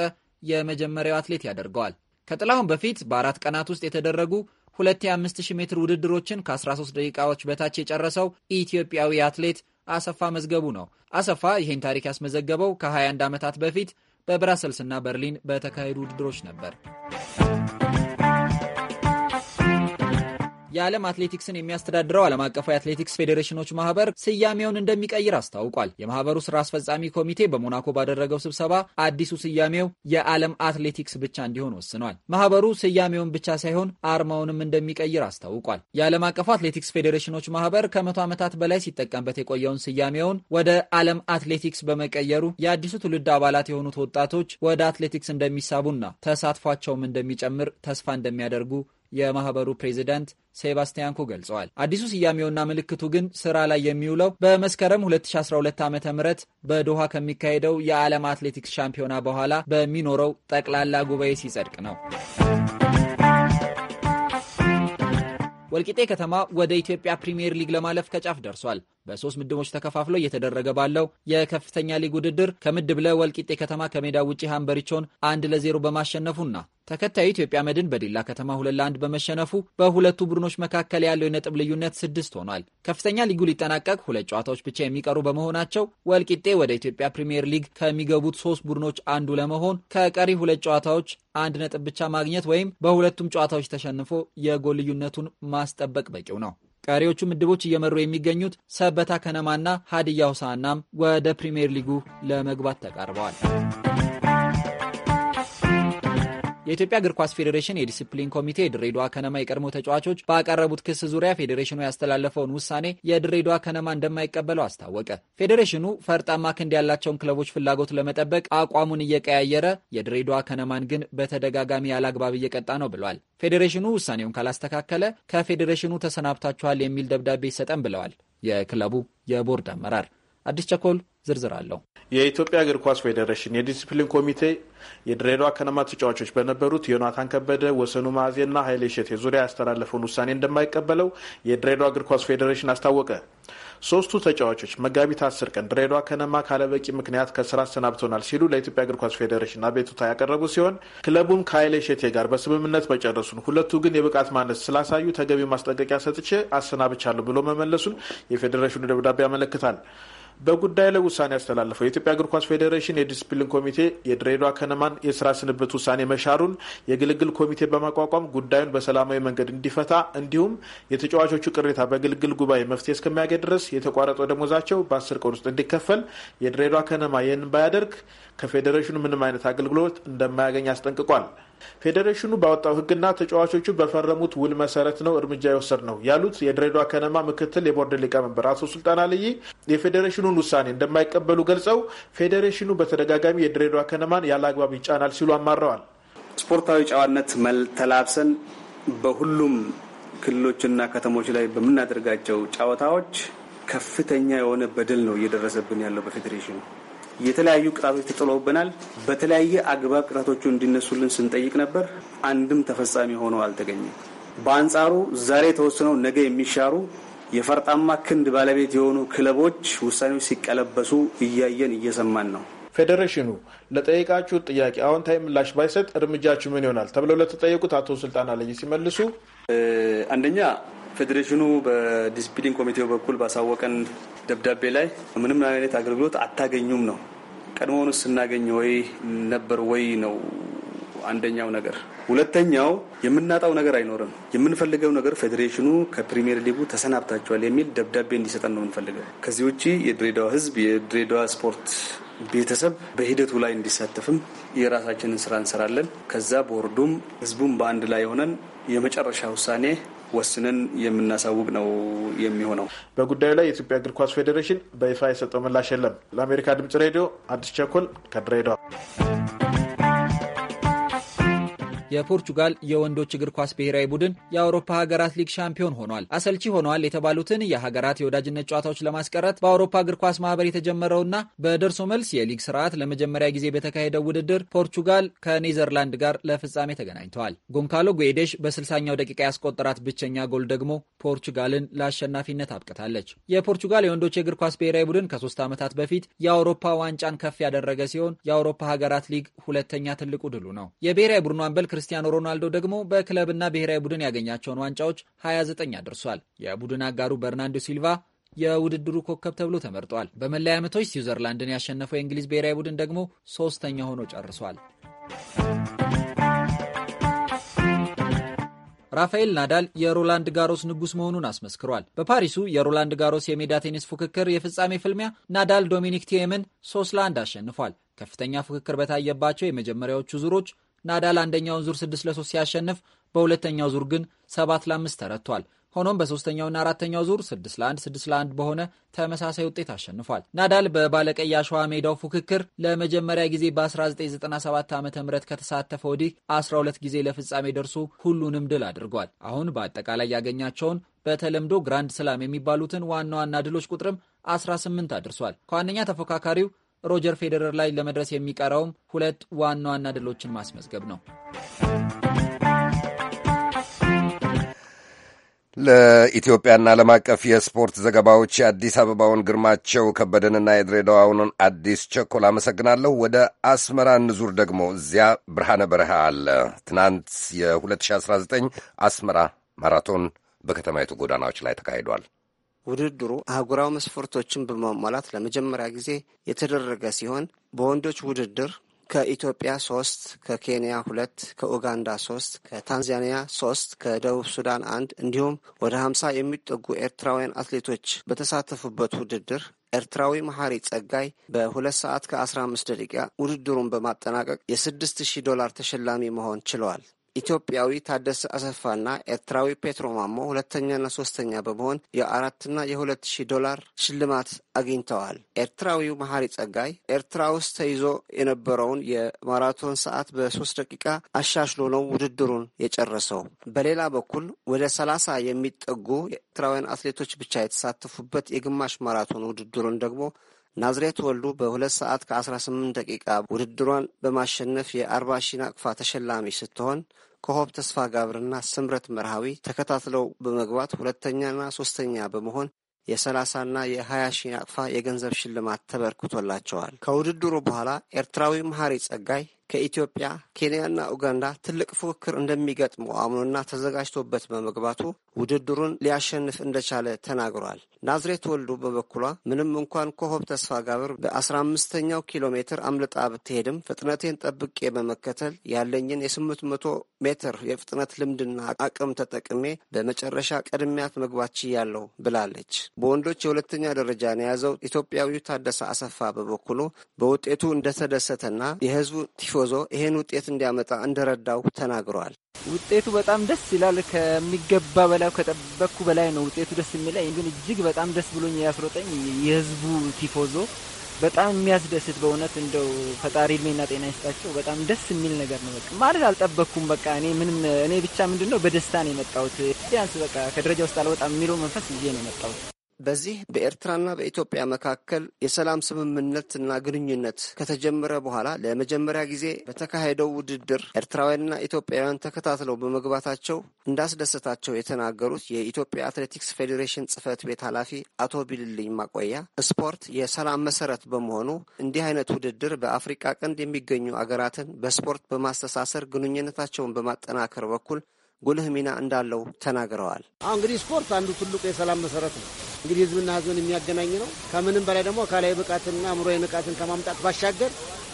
Speaker 10: የመጀመሪያው አትሌት ያደርገዋል። ከጥላሁን በፊት በአራት ቀናት ውስጥ የተደረጉ ሁለት የ5000 ሜትር ውድድሮችን ከ13 ደቂቃዎች በታች የጨረሰው ኢትዮጵያዊ አትሌት አሰፋ መዝገቡ ነው። አሰፋ ይህን ታሪክ ያስመዘገበው ከ21 ዓመታት በፊት በብራሰልስና በርሊን በተካሄዱ ውድድሮች ነበር። የዓለም አትሌቲክስን የሚያስተዳድረው ዓለም አቀፋዊ አትሌቲክስ ፌዴሬሽኖች ማህበር ስያሜውን እንደሚቀይር አስታውቋል። የማህበሩ ስራ አስፈጻሚ ኮሚቴ በሞናኮ ባደረገው ስብሰባ አዲሱ ስያሜው የዓለም አትሌቲክስ ብቻ እንዲሆን ወስኗል። ማህበሩ ስያሜውን ብቻ ሳይሆን አርማውንም እንደሚቀይር አስታውቋል። የዓለም አቀፉ አትሌቲክስ ፌዴሬሽኖች ማህበር ከመቶ ዓመታት በላይ ሲጠቀምበት የቆየውን ስያሜውን ወደ ዓለም አትሌቲክስ በመቀየሩ የአዲሱ ትውልድ አባላት የሆኑት ወጣቶች ወደ አትሌቲክስ እንደሚሳቡና ተሳትፏቸውም እንደሚጨምር ተስፋ እንደሚያደርጉ የማህበሩ ፕሬዚዳንት ሴባስቲያንኩ ገልጸዋል። አዲሱ ስያሜውና ምልክቱ ግን ስራ ላይ የሚውለው በመስከረም 2012 ዓ ም በዶሃ ከሚካሄደው የዓለም አትሌቲክስ ሻምፒዮና በኋላ በሚኖረው ጠቅላላ ጉባኤ ሲጸድቅ ነው። ወልቂጤ ከተማ ወደ ኢትዮጵያ ፕሪምየር ሊግ ለማለፍ ከጫፍ ደርሷል። በሶስት ምድቦች ተከፋፍሎ እየተደረገ ባለው የከፍተኛ ሊግ ውድድር ከምድብ ለ ወልቂጤ ከተማ ከሜዳ ውጪ ሃምበሪቾን አንድ ለዜሮ በማሸነፉና ተከታዩ ኢትዮጵያ መድን በዲላ ከተማ ሁለት ለአንድ በመሸነፉ በሁለቱ ቡድኖች መካከል ያለው የነጥብ ልዩነት ስድስት ሆኗል። ከፍተኛ ሊጉ ሊጠናቀቅ ሁለት ጨዋታዎች ብቻ የሚቀሩ በመሆናቸው ወልቂጤ ወደ ኢትዮጵያ ፕሪምየር ሊግ ከሚገቡት ሶስት ቡድኖች አንዱ ለመሆን ከቀሪ ሁለት ጨዋታዎች አንድ ነጥብ ብቻ ማግኘት ወይም በሁለቱም ጨዋታዎች ተሸንፎ የጎል ልዩነቱን ማስጠበቅ በቂው ነው። ቀሪዎቹ ምድቦች እየመሩ የሚገኙት ሰበታ ከነማና ሀዲያ ሆሳዕናም ወደ ፕሪምየር ሊጉ ለመግባት ተቃርበዋል። የኢትዮጵያ እግር ኳስ ፌዴሬሽን የዲሲፕሊን ኮሚቴ የድሬዳዋ ከነማ የቀድሞ ተጫዋቾች ባቀረቡት ክስ ዙሪያ ፌዴሬሽኑ ያስተላለፈውን ውሳኔ የድሬዳዋ ከነማ እንደማይቀበለው አስታወቀ። ፌዴሬሽኑ ፈርጣማ ክንድ ያላቸውን ክለቦች ፍላጎት ለመጠበቅ አቋሙን እየቀያየረ የድሬዳዋ ከነማን ግን በተደጋጋሚ ያላግባብ እየቀጣ ነው ብሏል። ፌዴሬሽኑ ውሳኔውን ካላስተካከለ ከፌዴሬሽኑ ተሰናብታችኋል የሚል ደብዳቤ ይሰጠን ብለዋል የክለቡ የቦርድ አመራር አዲስ ቸኮል ዝርዝር አለው።
Speaker 15: የኢትዮጵያ እግር ኳስ ፌዴሬሽን የዲሲፕሊን ኮሚቴ የድሬዳዋ ከነማ ተጫዋቾች በነበሩት ዮናታን ከበደ፣ ወሰኑ ማዕዜና ኃይሌ ሸቴ ዙሪያ ያስተላለፈውን ውሳኔ እንደማይቀበለው የድሬዳዋ እግር ኳስ ፌዴሬሽን አስታወቀ። ሶስቱ ተጫዋቾች መጋቢት አስር ቀን ድሬዳዋ ከነማ ካለበቂ ምክንያት ከስራ አሰናብተናል ሲሉ ለኢትዮጵያ እግር ኳስ ፌዴሬሽን አቤቱታ ያቀረቡ ሲሆን ክለቡም ከኃይሌ ሼቴ ጋር በስምምነት መጨረሱን፣ ሁለቱ ግን የብቃት ማነስ ስላሳዩ ተገቢ ማስጠንቀቂያ ሰጥቼ አሰናብቻለሁ ብሎ መመለሱን የፌዴሬሽኑ ደብዳቤ ያመለክታል። በጉዳይ ላይ ውሳኔ ያስተላለፈው የኢትዮጵያ እግር ኳስ ፌዴሬሽን የዲስፕሊን ኮሚቴ የድሬዳዋ ከነማን የስራ ስንብት ውሳኔ መሻሩን የግልግል ኮሚቴ በማቋቋም ጉዳዩን በሰላማዊ መንገድ እንዲፈታ እንዲሁም የተጫዋቾቹ ቅሬታ በግልግል ጉባኤ መፍትሄ እስከሚያገኝ ድረስ የተቋረጠው ደሞዛቸው በአስር ቀን ውስጥ እንዲከፈል የድሬዳዋ ከነማ ይህን ባያደርግ ከፌዴሬሽኑ ምንም አይነት አገልግሎት እንደማያገኝ አስጠንቅቋል። ፌዴሬሽኑ ባወጣው ህግና ተጫዋቾቹ በፈረሙት ውል መሰረት ነው እርምጃ የወሰድ ነው ያሉት የድሬዳዋ ከነማ ምክትል የቦርድ ሊቀመንበር አቶ ሱልጣን አልይ የፌዴሬሽኑን ውሳኔ እንደማይቀበሉ ገልጸው ፌዴሬሽኑ በተደጋጋሚ የድሬዳዋ ከነማን ያለ አግባብ
Speaker 17: ይጫናል ሲሉ አማረዋል። ስፖርታዊ ጨዋነት ተላብሰን በሁሉም ክልሎችና ከተሞች ላይ በምናደርጋቸው ጨዋታዎች ከፍተኛ የሆነ በደል ነው እየደረሰብን ያለው በፌዴሬሽኑ የተለያዩ ቅጣቶች ተጥለውብናል። በተለያየ አግባብ ቅጣቶቹ እንዲነሱልን ስንጠይቅ ነበር። አንድም ተፈጻሚ ሆነው አልተገኘም። በአንጻሩ ዛሬ ተወስነው ነገ የሚሻሩ የፈርጣማ ክንድ ባለቤት የሆኑ ክለቦች ውሳኔዎች ሲቀለበሱ እያየን እየሰማን ነው።
Speaker 15: ፌዴሬሽኑ ለጠየቃችሁት ጥያቄ አዎንታዊ ምላሽ ባይሰጥ እርምጃችሁ ምን ይሆናል ተብለው ለተጠየቁት አቶ ስልጣን አለኝ ሲመልሱ
Speaker 17: አንደኛ ፌዴሬሽኑ በዲስፕሊን ኮሚቴው በኩል ባሳወቀን ደብዳቤ ላይ ምንም አይነት አገልግሎት አታገኙም ነው። ቀድሞውን ስናገኝ ወይ ነበር ወይ ነው አንደኛው ነገር። ሁለተኛው የምናጣው ነገር አይኖርም። የምንፈልገው ነገር ፌዴሬሽኑ ከፕሪሚየር ሊጉ ተሰናብታቸዋል የሚል ደብዳቤ እንዲሰጠን ነው የምንፈልገው። ከዚህ ውጭ የድሬዳዋ ሕዝብ የድሬዳዋ ስፖርት ቤተሰብ በሂደቱ ላይ እንዲሳተፍም የራሳችንን ስራ እንሰራለን። ከዛ ቦርዱም ሕዝቡም በአንድ ላይ ሆነን የመጨረሻ ውሳኔ ወስነን የምናሳውቅ ነው የሚሆነው። በጉዳዩ ላይ የኢትዮጵያ እግር ኳስ ፌዴሬሽን
Speaker 15: በይፋ የሰጠው ምላሽ የለም። ለአሜሪካ ድምጽ ሬዲዮ አዲስ ቸኮል ከድሬዳዋ
Speaker 10: የፖርቹጋል የወንዶች እግር ኳስ ብሔራዊ ቡድን የአውሮፓ ሀገራት ሊግ ሻምፒዮን ሆኗል። አሰልቺ ሆኗል የተባሉትን የሀገራት የወዳጅነት ጨዋታዎች ለማስቀረት በአውሮፓ እግር ኳስ ማህበር የተጀመረውና በደርሶ መልስ የሊግ ስርዓት ለመጀመሪያ ጊዜ በተካሄደው ውድድር ፖርቹጋል ከኔዘርላንድ ጋር ለፍጻሜ ተገናኝተዋል። ጎንካሎ ጉዴሽ በ60ኛው ደቂቃ ያስቆጠራት ብቸኛ ጎል ደግሞ ፖርቹጋልን ለአሸናፊነት አብቅታለች። የፖርቹጋል የወንዶች የእግር ኳስ ብሔራዊ ቡድን ከሶስት ዓመታት በፊት የአውሮፓ ዋንጫን ከፍ ያደረገ ሲሆን የአውሮፓ ሀገራት ሊግ ሁለተኛ ትልቁ ድሉ ነው። የብሔራዊ ቡድኑ አምበል ክርስቲያኖ ሮናልዶ ደግሞ በክለብና ብሔራዊ ቡድን ያገኛቸውን ዋንጫዎች 29 አድርሷል። የቡድን አጋሩ በርናንዶ ሲልቫ የውድድሩ ኮከብ ተብሎ ተመርጧል። በመለያ ዓመቶች ስዊዘርላንድን ያሸነፈው የእንግሊዝ ብሔራዊ ቡድን ደግሞ ሶስተኛ ሆኖ ጨርሷል። ራፋኤል ናዳል የሮላንድ ጋሮስ ንጉስ መሆኑን አስመስክሯል። በፓሪሱ የሮላንድ ጋሮስ የሜዳ ቴኒስ ፉክክር የፍጻሜ ፍልሚያ ናዳል ዶሚኒክ ቲየምን ሶስት ለአንድ አሸንፏል። ከፍተኛ ፉክክር በታየባቸው የመጀመሪያዎቹ ዙሮች ናዳል አንደኛውን ዙር 6 ለ3 ሲያሸንፍ በሁለተኛው ዙር ግን 7 ለ5 ተረቷል። ሆኖም በሶስተኛውና አራተኛው ዙር 6 ለ1 6 ለ1 በሆነ ተመሳሳይ ውጤት አሸንፏል። ናዳል በባለቀይ አሸዋ ሜዳው ፉክክር ለመጀመሪያ ጊዜ በ1997 ዓ ም ከተሳተፈ ወዲህ 12 ጊዜ ለፍጻሜ ደርሶ ሁሉንም ድል አድርጓል። አሁን በአጠቃላይ ያገኛቸውን በተለምዶ ግራንድ ስላም የሚባሉትን ዋና ዋና ድሎች ቁጥርም 18 አድርሷል። ከዋነኛ ተፎካካሪው ሮጀር ፌዴረር ላይ ለመድረስ የሚቀረውም ሁለት ዋና ዋና ድሎችን ማስመዝገብ ነው።
Speaker 2: ለኢትዮጵያና ዓለም አቀፍ የስፖርት ዘገባዎች የአዲስ አበባውን ግርማቸው ከበደንና የድሬዳዋውን አዲስ ቸኮል አመሰግናለሁ። ወደ አስመራ እንዙር። ደግሞ እዚያ ብርሃነ በረሃ አለ። ትናንት የ2019 አስመራ ማራቶን በከተማይቱ ጎዳናዎች ላይ ተካሂዷል።
Speaker 18: ውድድሩ አህጉራዊ መስፈርቶችን በማሟላት ለመጀመሪያ ጊዜ የተደረገ ሲሆን በወንዶች ውድድር ከኢትዮጵያ ሶስት፣ ከኬንያ ሁለት፣ ከኡጋንዳ ሶስት፣ ከታንዛኒያ ሶስት፣ ከደቡብ ሱዳን አንድ እንዲሁም ወደ ሀምሳ የሚጠጉ ኤርትራውያን አትሌቶች በተሳተፉበት ውድድር ኤርትራዊ መሐሪ ጸጋይ በሁለት ሰዓት ከ15 ደቂቃ ውድድሩን በማጠናቀቅ የ6000 ዶላር ተሸላሚ መሆን ችለዋል። ኢትዮጵያዊ ታደሰ አሰፋና ኤርትራዊ ፔትሮ ማሞ ሁለተኛና ሶስተኛ በመሆን የአራትና የሁለት ሺህ ዶላር ሽልማት አግኝተዋል። ኤርትራዊው መሐሪ ጸጋይ ኤርትራ ውስጥ ተይዞ የነበረውን የማራቶን ሰዓት በሶስት ደቂቃ አሻሽሎ ነው ውድድሩን የጨረሰው። በሌላ በኩል ወደ ሰላሳ የሚጠጉ የኤርትራውያን አትሌቶች ብቻ የተሳተፉበት የግማሽ ማራቶን ውድድሩን ደግሞ ናዝሬት ወልዱ በሁለት ሰዓት ከ18 ደቂቃ ውድድሯን በማሸነፍ የአርባ ሺህ ናቅፋ ተሸላሚ ስትሆን ከሆብ ተስፋ ጋብርና ስምረት መርሃዊ ተከታትለው በመግባት ሁለተኛና ሶስተኛ በመሆን የሰላሳና የሀያ ሺህ ናቅፋ የገንዘብ ሽልማት ተበርክቶላቸዋል። ከውድድሩ በኋላ ኤርትራዊ መሐሪ ጸጋይ ከኢትዮጵያ፣ ኬንያና ኡጋንዳ ትልቅ ፉክክር እንደሚገጥመው አምኖና ተዘጋጅቶበት በመግባቱ ውድድሩን ሊያሸንፍ እንደቻለ ተናግሯል። ናዝሬት ወልዱ በበኩሏ ምንም እንኳን ኮሆብ ተስፋ ጋብር በአስራ አምስተኛው ኪሎ ሜትር አምልጣ ብትሄድም ፍጥነቴን ጠብቄ በመከተል ያለኝን የስምንት መቶ ሜትር የፍጥነት ልምድና አቅም ተጠቅሜ በመጨረሻ ቀድሚያት መግባት ችያለሁ ብላለች። በወንዶች የሁለተኛ ደረጃን የያዘው ኢትዮጵያዊው ታደሰ አሰፋ በበኩሉ በውጤቱ እንደተደሰተና የህዝቡ ቲፎ ጉዞ ይህን ውጤት እንዲያመጣ እንደረዳው ተናግረዋል። ውጤቱ በጣም ደስ ይላል። ከሚገባ በላይ ከጠበቅኩ በላይ ነው ውጤቱ ደስ የሚለኝ። ግን እጅግ በጣም ደስ ብሎኝ ያስሮጠኝ የህዝቡ
Speaker 10: ቲፎዞ በጣም የሚያስደስት በእውነት እንደው ፈጣሪ እድሜና ጤና ይስጣቸው። በጣም ደስ
Speaker 18: የሚል ነገር ነው። በቃ ማለት አልጠበቅኩም። በቃ እኔ ምንም እኔ ብቻ ምንድን ነው በደስታ ነው የመጣሁት። ቢያንስ በቃ ከደረጃ ውስጥ አልወጣም የሚለው መንፈስ ይዤ ነው የመጣሁት። በዚህ በኤርትራና በኢትዮጵያ መካከል የሰላም ስምምነትና ግንኙነት ከተጀመረ በኋላ ለመጀመሪያ ጊዜ በተካሄደው ውድድር ኤርትራውያንና ኢትዮጵያውያን ተከታትለው በመግባታቸው እንዳስደሰታቸው የተናገሩት የኢትዮጵያ አትሌቲክስ ፌዴሬሽን ጽህፈት ቤት ኃላፊ አቶ ቢልልኝ ማቆያ ስፖርት የሰላም መሰረት በመሆኑ እንዲህ አይነት ውድድር በአፍሪቃ ቀንድ የሚገኙ አገራትን በስፖርት በማስተሳሰር ግንኙነታቸውን በማጠናከር በኩል ጉልህ ሚና እንዳለው ተናግረዋል። አሁ
Speaker 19: እንግዲህ ስፖርት አንዱ ትልቁ የሰላም መሰረት ነው። እንግዲህ ህዝብና ህዝብን የሚያገናኝ ነው። ከምንም በላይ ደግሞ አካላዊ ብቃትና አእምሮዊ ንቃትን ከማምጣት ባሻገር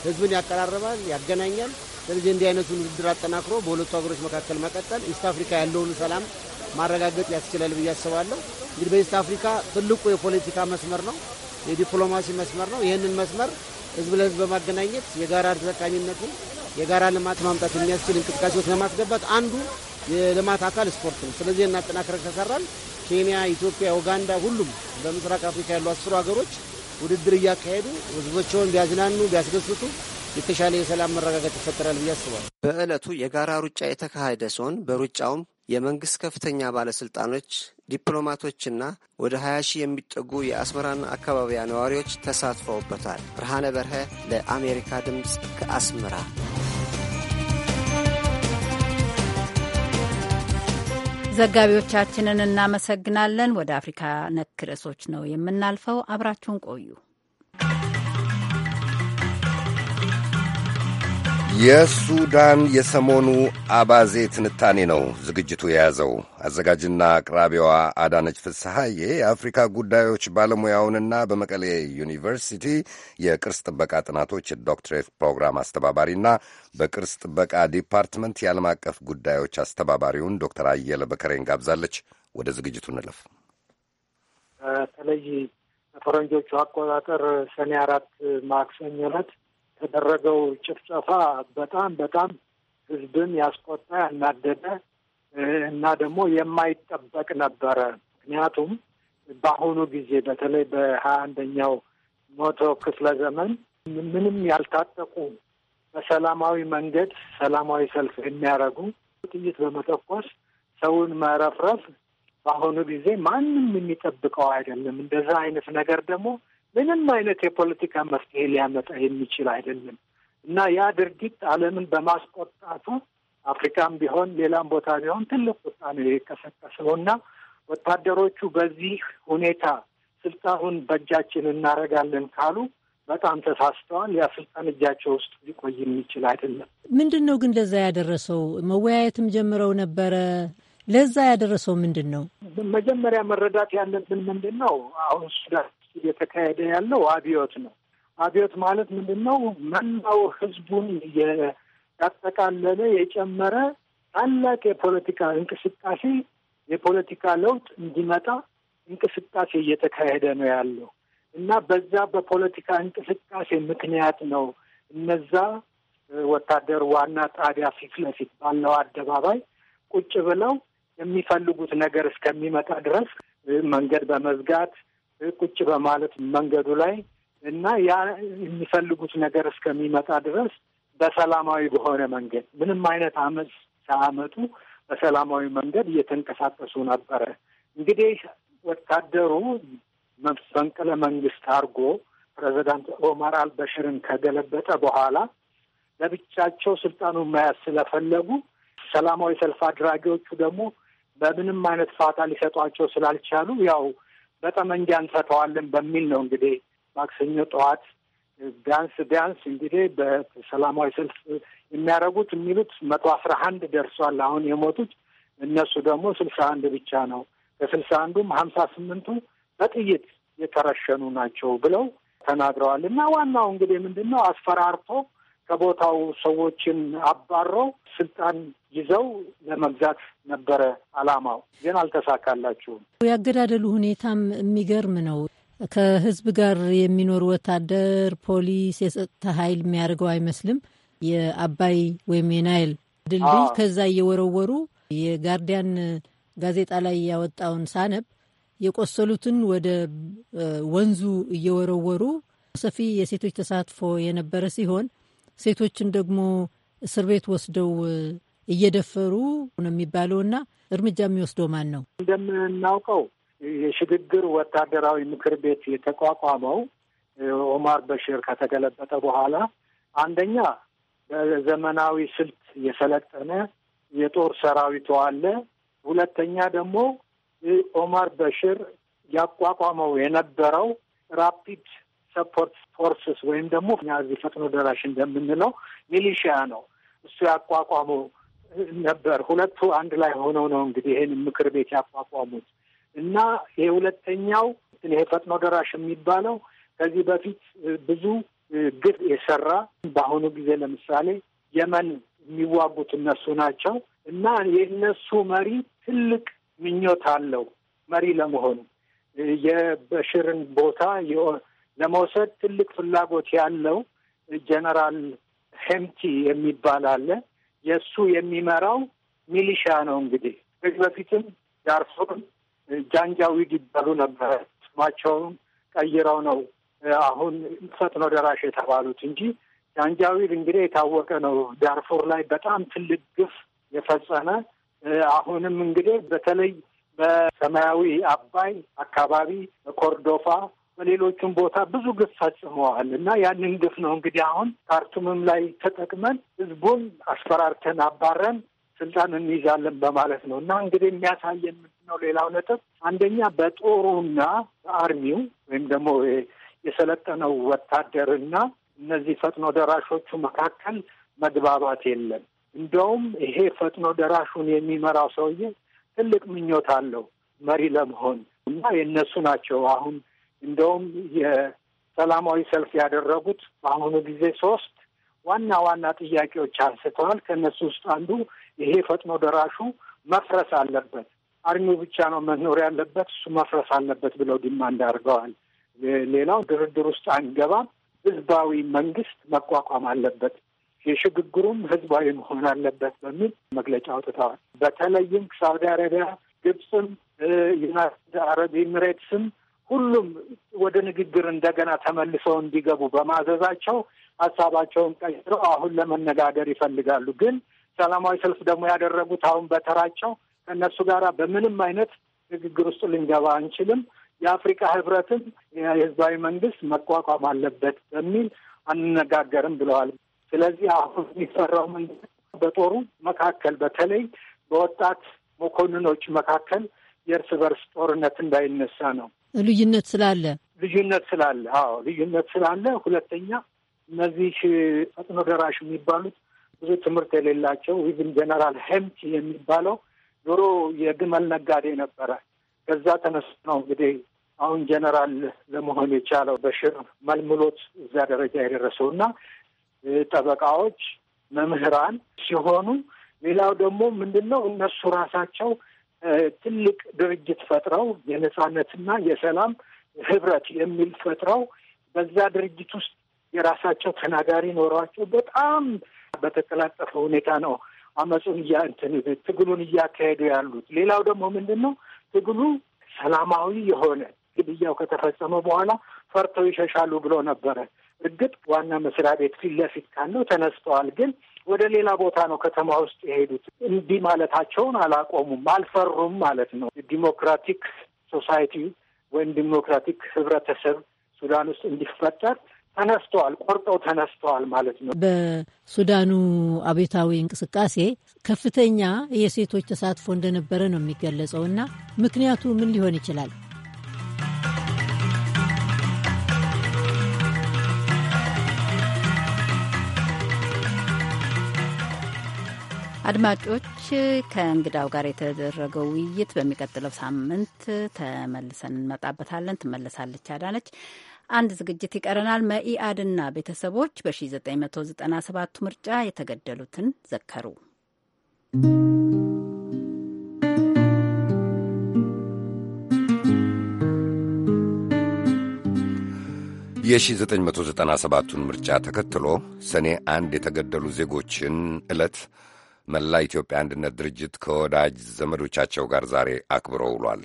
Speaker 19: ህዝብን ያቀራርባል፣ ያገናኛል። ስለዚህ እንዲህ አይነቱን ውድድር አጠናክሮ በሁለቱ ሀገሮች መካከል መቀጠል ኢስት አፍሪካ ያለውን ሰላም ማረጋገጥ ያስችላል ብዬ አስባለሁ። እንግዲህ በኢስት አፍሪካ ትልቁ የፖለቲካ መስመር ነው፣ የዲፕሎማሲ መስመር ነው። ይህንን መስመር ህዝብ ለህዝብ በማገናኘት የጋራ ተጠቃሚነትን የጋራ ልማት ማምጣት የሚያስችል እንቅስቃሴዎች ለማስገባት አንዱ የልማት አካል ስፖርት ነው። ስለዚህ እናጠናክረን ከሰራን ኬንያ፣ ኢትዮጵያ፣ ኡጋንዳ ሁሉም በምስራቅ አፍሪካ ያሉ አስሩ ሀገሮች ውድድር እያካሄዱ ህዝቦቸውን ቢያዝናኑ ቢያስደስቱ የተሻለ የሰላም መረጋጋት ይፈጠራል
Speaker 18: ብዬ አስባለሁ። በዕለቱ የጋራ ሩጫ የተካሄደ ሲሆን በሩጫውም የመንግስት ከፍተኛ ባለስልጣኖች፣ ዲፕሎማቶችና ወደ 20 ሺህ የሚጠጉ የአስመራና አካባቢያ ነዋሪዎች ተሳትፈውበታል። ብርሃነ በርሀ ለአሜሪካ ድምፅ ከአስመራ
Speaker 20: ዘጋቢዎቻችንን
Speaker 1: እናመሰግናለን። ወደ አፍሪካ ነክ ርዕሶች ነው የምናልፈው። አብራችሁን ቆዩ።
Speaker 2: የሱዳን የሰሞኑ አባዜ ትንታኔ ነው ዝግጅቱ የያዘው። አዘጋጅና አቅራቢዋ አዳነች ፍስሐዬ የአፍሪካ ጉዳዮች ባለሙያውንና በመቀሌ ዩኒቨርሲቲ የቅርስ ጥበቃ ጥናቶች ዶክትሬት ፕሮግራም አስተባባሪና በቅርስ ጥበቃ ዲፓርትመንት የዓለም አቀፍ ጉዳዮች አስተባባሪውን ዶክተር አየለ በከሬን ጋብዛለች። ወደ ዝግጅቱ እንለፍ።
Speaker 21: በተለይ ፈረንጆቹ አቆጣጠር ሰኔ አራት ማክሰኞ ዕለት የተደረገው ጭፍጨፋ በጣም በጣም ህዝብን ያስቆጣ ያናደደ እና ደግሞ የማይጠበቅ ነበረ። ምክንያቱም በአሁኑ ጊዜ በተለይ በሀያ አንደኛው መቶ ክፍለ ዘመን ምንም ያልታጠቁ በሰላማዊ መንገድ ሰላማዊ ሰልፍ የሚያደርጉ ጥይት በመተኮስ ሰውን መረፍረፍ በአሁኑ ጊዜ ማንም የሚጠብቀው አይደለም። እንደዛ አይነት ነገር ደግሞ ምንም አይነት የፖለቲካ መፍትሄ ሊያመጣ የሚችል አይደለም እና ያ ድርጊት ዓለምን በማስቆጣቱ አፍሪካም ቢሆን ሌላም ቦታ ቢሆን ትልቅ ቁጣ ነው የቀሰቀሰው እና ወታደሮቹ በዚህ ሁኔታ ስልጣኑን በእጃችን እናደርጋለን ካሉ በጣም ተሳስተዋል። ያ ስልጣን እጃቸው ውስጥ ሊቆይ የሚችል አይደለም።
Speaker 20: ምንድን ነው ግን ለዛ ያደረሰው? መወያየትም ጀምረው ነበረ። ለዛ ያደረሰው ምንድን ነው?
Speaker 21: መጀመሪያ መረዳት ያለብን ምንድን ነው አሁን ሱዳን እየተካሄደ ያለው አብዮት ነው። አብዮት ማለት ምንድን ነው? መላው ህዝቡን ያጠቃለለ የጨመረ ታላቅ የፖለቲካ እንቅስቃሴ የፖለቲካ ለውጥ እንዲመጣ እንቅስቃሴ እየተካሄደ ነው ያለው እና በዛ በፖለቲካ እንቅስቃሴ ምክንያት ነው እነዛ ወታደር ዋና ጣቢያ ፊት ለፊት ባለው አደባባይ ቁጭ ብለው የሚፈልጉት ነገር እስከሚመጣ ድረስ መንገድ በመዝጋት ቁጭ በማለት መንገዱ ላይ እና ያ የሚፈልጉት ነገር እስከሚመጣ ድረስ በሰላማዊ በሆነ መንገድ ምንም አይነት አመፅ ሳያመጡ በሰላማዊ መንገድ እየተንቀሳቀሱ ነበረ። እንግዲህ ወታደሩ መፈንቅለ መንግስት አድርጎ ፕሬዚዳንት ኦማር አልበሽርን ከገለበጠ በኋላ ለብቻቸው ስልጣኑን መያዝ ስለፈለጉ ሰላማዊ ሰልፍ አድራጊዎቹ ደግሞ በምንም አይነት ፋታ ሊሰጧቸው ስላልቻሉ ያው በጠመንጃ እንፈተዋለን በሚል ነው እንግዲህ ማክሰኞ ጠዋት ቢያንስ ቢያንስ እንግዲህ በሰላማዊ ሰልፍ የሚያደርጉት የሚሉት መቶ አስራ አንድ ደርሷል። አሁን የሞቱት እነሱ ደግሞ ስልሳ አንድ ብቻ ነው። ከስልሳ አንዱም ሀምሳ ስምንቱ በጥይት የተረሸኑ ናቸው ብለው ተናግረዋል። እና ዋናው እንግዲህ ምንድን ነው አስፈራርቶ ከቦታው ሰዎችን አባሮ ስልጣን ይዘው ለመግዛት ነበረ አላማው፣ ግን አልተሳካላችሁም።
Speaker 20: ያገዳደሉ ሁኔታም የሚገርም ነው። ከህዝብ ጋር የሚኖር ወታደር፣ ፖሊስ፣ የጸጥታ ኃይል የሚያደርገው አይመስልም። የአባይ ወይም የናይል ድልድይ ከዛ እየወረወሩ የጋርዲያን ጋዜጣ ላይ ያወጣውን ሳነብ የቆሰሉትን ወደ ወንዙ እየወረወሩ ሰፊ የሴቶች ተሳትፎ የነበረ ሲሆን ሴቶችን ደግሞ እስር ቤት ወስደው እየደፈሩ ነው የሚባለው እና እርምጃ የሚወስደው ማን ነው?
Speaker 21: እንደምናውቀው የሽግግር ወታደራዊ ምክር ቤት የተቋቋመው ኦማር በሽር ከተገለበጠ በኋላ አንደኛ በዘመናዊ ስልት የሰለጠነ የጦር ሰራዊቱ አለ። ሁለተኛ ደግሞ ኦማር በሽር ያቋቋመው የነበረው ራፒድ ሰፖርት ፎርስስ ወይም ደግሞ እኛ እዚህ ፈጥኖ ደራሽ እንደምንለው ሚሊሺያ ነው እሱ ያቋቋሙ ነበር። ሁለቱ አንድ ላይ ሆነው ነው እንግዲህ ይህን ምክር ቤት ያቋቋሙት እና ይሄ ሁለተኛው ይሄ ፈጥኖ ደራሽ የሚባለው ከዚህ በፊት ብዙ ግፍ የሰራ በአሁኑ ጊዜ ለምሳሌ የመን የሚዋጉት እነሱ ናቸው እና የእነሱ መሪ ትልቅ ምኞት አለው መሪ ለመሆኑ የበሽርን ቦታ ለመውሰድ ትልቅ ፍላጎት ያለው ጀነራል ሄምቲ የሚባል አለ። የእሱ የሚመራው ሚሊሻ ነው። እንግዲህ ከዚህ በፊትም ዳርፉር ጃንጃዊድ ይባሉ ነበረ። ስማቸውን ቀይረው ነው አሁን ፈጥኖ ደራሽ የተባሉት እንጂ ጃንጃዊድ እንግዲህ የታወቀ ነው። ዳርፉር ላይ በጣም ትልቅ ግፍ የፈጸመ አሁንም እንግዲህ በተለይ በሰማያዊ አባይ አካባቢ በኮርዶፋ በሌሎቹም ቦታ ብዙ ግፍ ፈጽመዋል እና ያንን ግፍ ነው እንግዲህ አሁን ካርቱምም ላይ ተጠቅመን ህዝቡን አስፈራርተን አባረን ስልጣን እንይዛለን በማለት ነው እና እንግዲህ የሚያሳየን ምንድነው ሌላው ነጥብ አንደኛ በጦሩና በአርሚው ወይም ደግሞ የሰለጠነው ወታደርና እነዚህ ፈጥኖ ደራሾቹ መካከል መግባባት የለም። እንደውም ይሄ ፈጥኖ ደራሹን የሚመራው ሰውዬ ትልቅ ምኞት አለው መሪ ለመሆን እና የእነሱ ናቸው አሁን እንደውም የሰላማዊ ሰልፍ ያደረጉት በአሁኑ ጊዜ ሶስት ዋና ዋና ጥያቄዎች አንስተዋል። ከእነሱ ውስጥ አንዱ ይሄ ፈጥኖ ደራሹ መፍረስ አለበት፣ አርሚው ብቻ ነው መኖር ያለበት፣ እሱ መፍረስ አለበት ብለው ዲማንድ አድርገዋል። ሌላው ድርድር ውስጥ አንገባም፣ ህዝባዊ መንግስት መቋቋም አለበት፣ የሽግግሩም ህዝባዊ መሆን አለበት በሚል መግለጫ አውጥተዋል። በተለይም ሳውዲ አረቢያ፣ ግብፅም፣ ዩናይትድ አረብ ኤምሬትስም ሁሉም ወደ ንግግር እንደገና ተመልሰው እንዲገቡ በማዘዛቸው ሀሳባቸውን ቀይረው አሁን ለመነጋገር ይፈልጋሉ። ግን ሰላማዊ ሰልፍ ደግሞ ያደረጉት አሁን በተራቸው ከእነሱ ጋር በምንም አይነት ንግግር ውስጥ ልንገባ አንችልም፣ የአፍሪካ ህብረትም የህዝባዊ መንግስት መቋቋም አለበት በሚል አንነጋገርም ብለዋል። ስለዚህ አሁን የሚሰራው መንግስት በጦሩ መካከል በተለይ በወጣት መኮንኖች መካከል የእርስ በርስ ጦርነት እንዳይነሳ ነው።
Speaker 20: ልዩነት ስላለ
Speaker 21: ልዩነት ስላለ አዎ ልዩነት ስላለ። ሁለተኛ እነዚህ ፈጥኖ ደራሽ የሚባሉት ብዙ ትምህርት የሌላቸው ዊዝን ጀነራል ሄምቲ የሚባለው ዞሮ የግመል ነጋዴ ነበረ። ከዛ ተነስ ነው እንግዲህ አሁን ጀነራል ለመሆን የቻለው በሽር መልምሎት እዛ ደረጃ የደረሰው እና ጠበቃዎች፣ መምህራን ሲሆኑ ሌላው ደግሞ ምንድን ነው እነሱ ራሳቸው ትልቅ ድርጅት ፈጥረው የነጻነትና የሰላም ህብረት የሚል ፈጥረው በዛ ድርጅት ውስጥ የራሳቸው ተናጋሪ ኖሯቸው በጣም በተቀላጠፈ ሁኔታ ነው አመፁን እያ እንትን ትግሉን እያካሄዱ ያሉት። ሌላው ደግሞ ምንድን ነው ትግሉ ሰላማዊ የሆነ ግድያው ከተፈጸመ በኋላ ፈርተው ይሸሻሉ ብሎ ነበረ። እርግጥ ዋና መስሪያ ቤት ፊት ለፊት ካለው ተነስተዋል፣ ግን ወደ ሌላ ቦታ ነው ከተማ ውስጥ የሄዱት። እንዲህ ማለታቸውን አላቆሙም፣ አልፈሩም ማለት ነው። ዲሞክራቲክ ሶሳይቲ ወይም ዲሞክራቲክ ህብረተሰብ ሱዳን ውስጥ እንዲፈጠር ተነስተዋል፣ ቆርጠው ተነስተዋል ማለት
Speaker 20: ነው። በሱዳኑ አቤታዊ እንቅስቃሴ ከፍተኛ የሴቶች ተሳትፎ እንደነበረ ነው የሚገለጸው እና ምክንያቱ ምን ሊሆን ይችላል?
Speaker 1: አድማጮች ከእንግዳው ጋር የተደረገው ውይይት በሚቀጥለው ሳምንት ተመልሰን እንመጣበታለን። ትመለሳለች አዳነች። አንድ ዝግጅት ይቀረናል። መኢአድና ቤተሰቦች በ1997ቱ ምርጫ የተገደሉትን ዘከሩ።
Speaker 2: የ1997ቱን ምርጫ ተከትሎ ሰኔ አንድ የተገደሉ ዜጎችን ዕለት መላ ኢትዮጵያ አንድነት ድርጅት ከወዳጅ ዘመዶቻቸው ጋር ዛሬ አክብሮ ውሏል።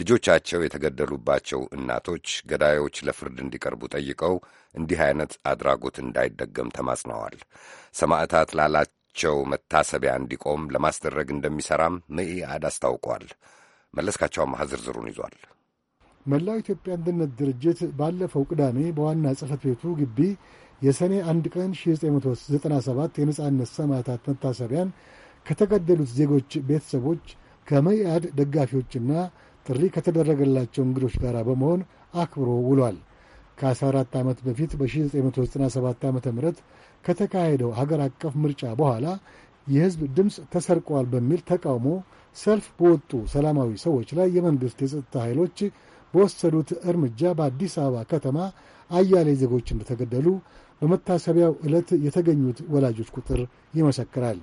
Speaker 2: ልጆቻቸው የተገደሉባቸው እናቶች ገዳዮች ለፍርድ እንዲቀርቡ ጠይቀው እንዲህ አይነት አድራጎት እንዳይደገም ተማጽነዋል። ሰማዕታት ላላቸው መታሰቢያ እንዲቆም ለማስደረግ እንደሚሠራም መኢአድ አስታውቋል። መለስካቸው አማሃ ዝርዝሩን ይዟል።
Speaker 14: መላው ኢትዮጵያ አንድነት ድርጅት ባለፈው ቅዳሜ በዋና ጽሕፈት ቤቱ ግቢ የሰኔ አንድ ቀን 1997 የነጻነት ሰማዕታት መታሰቢያን ከተገደሉት ዜጎች ቤተሰቦች ከመኢአድ ደጋፊዎችና ጥሪ ከተደረገላቸው እንግዶች ጋር በመሆን አክብሮ ውሏል። ከ14 ዓመት በፊት በ1997 ዓ ም ከተካሄደው ሀገር አቀፍ ምርጫ በኋላ የሕዝብ ድምፅ ተሰርቋል በሚል ተቃውሞ ሰልፍ በወጡ ሰላማዊ ሰዎች ላይ የመንግሥት የጸጥታ ኃይሎች በወሰዱት እርምጃ በአዲስ አበባ ከተማ አያሌ ዜጎች እንደተገደሉ በመታሰቢያው ዕለት የተገኙት ወላጆች ቁጥር ይመሰክራል።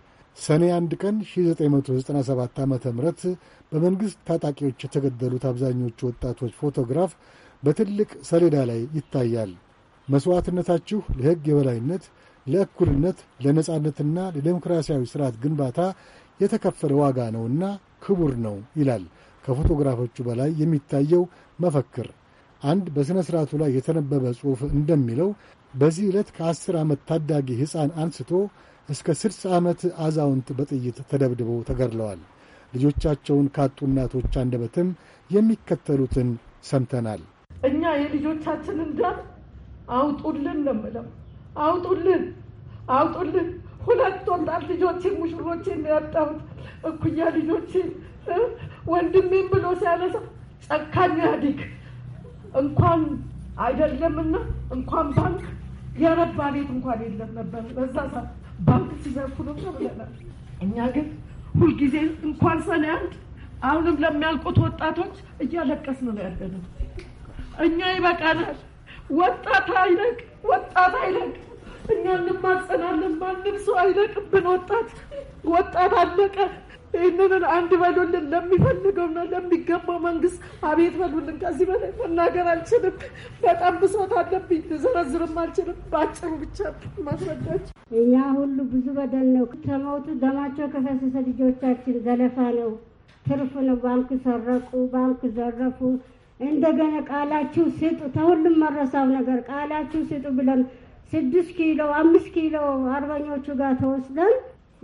Speaker 14: ሰኔ አንድ ቀን 1997 ዓ ም በመንግሥት ታጣቂዎች የተገደሉት አብዛኞቹ ወጣቶች ፎቶግራፍ በትልቅ ሰሌዳ ላይ ይታያል። መሥዋዕትነታችሁ ለሕግ የበላይነት፣ ለእኩልነት፣ ለነጻነትና ለዴሞክራሲያዊ ሥርዓት ግንባታ የተከፈለ ዋጋ ነውና ክቡር ነው ይላል ከፎቶግራፎቹ በላይ የሚታየው መፈክር። አንድ በሥነ ሥርዓቱ ላይ የተነበበ ጽሑፍ እንደሚለው በዚህ ዕለት ከአስር ዓመት ታዳጊ ሕፃን አንስቶ እስከ 6 ዓመት አዛውንት በጥይት ተደብድበው ተገድለዋል። ልጆቻቸውን ካጡ እናቶች አንደበትም የሚከተሉትን ሰምተናል።
Speaker 7: እኛ የልጆቻችን እንዳል አውጡልን ነው የምለው። አውጡልን አውጡልን። ሁለት ወጣት ልጆችን ሙሽሮችን ያጣሁት እኩያ ልጆችን ወንድሜም ብሎ ሲያነሳ ጨካኝ ኢህአዴግ እንኳን አይደለምና እንኳን ባንክ የረባ ቤት እንኳን የለም ነበር። በዛ ሰዓት ባንክ ሲዘርፉ ነበር ብለናል። እኛ ግን ሁልጊዜ እንኳን ሰኔ አንድ አሁንም ለሚያልቁት ወጣቶች እያለቀስን ነው ያለነው። እኛ ይበቃናል። ወጣት አይለቅ፣ ወጣት አይለቅ። እኛ እንማጸናለን። ማንም ሰው አይለቅብን። ወጣት ወጣት አለቀ። ይህንን አንድ በሉልን፣ ለሚፈልገውና ለሚገባው መንግስት አቤት በሉልን። ከዚህ በላይ መናገር አልችልም። በጣም ብሶት አለብኝ፣ ልዘረዝርም
Speaker 22: አልችልም። በአጭሩ ብቻ ማስረዳች እኛ ሁሉ ብዙ በደል ነው። ከሞቱ ደማቸው ከፈሰሰ ልጆቻችን ዘለፋ ነው፣ ትርፍ ነው። ባንክ ሰረቁ፣ ባንክ ዘረፉ። እንደገና ቃላችሁ ስጡ፣ ተሁሉም መረሳው ነገር ቃላችሁ ስጡ ብለን ስድስት ኪሎ አምስት ኪሎ አርበኞቹ ጋር ተወስደን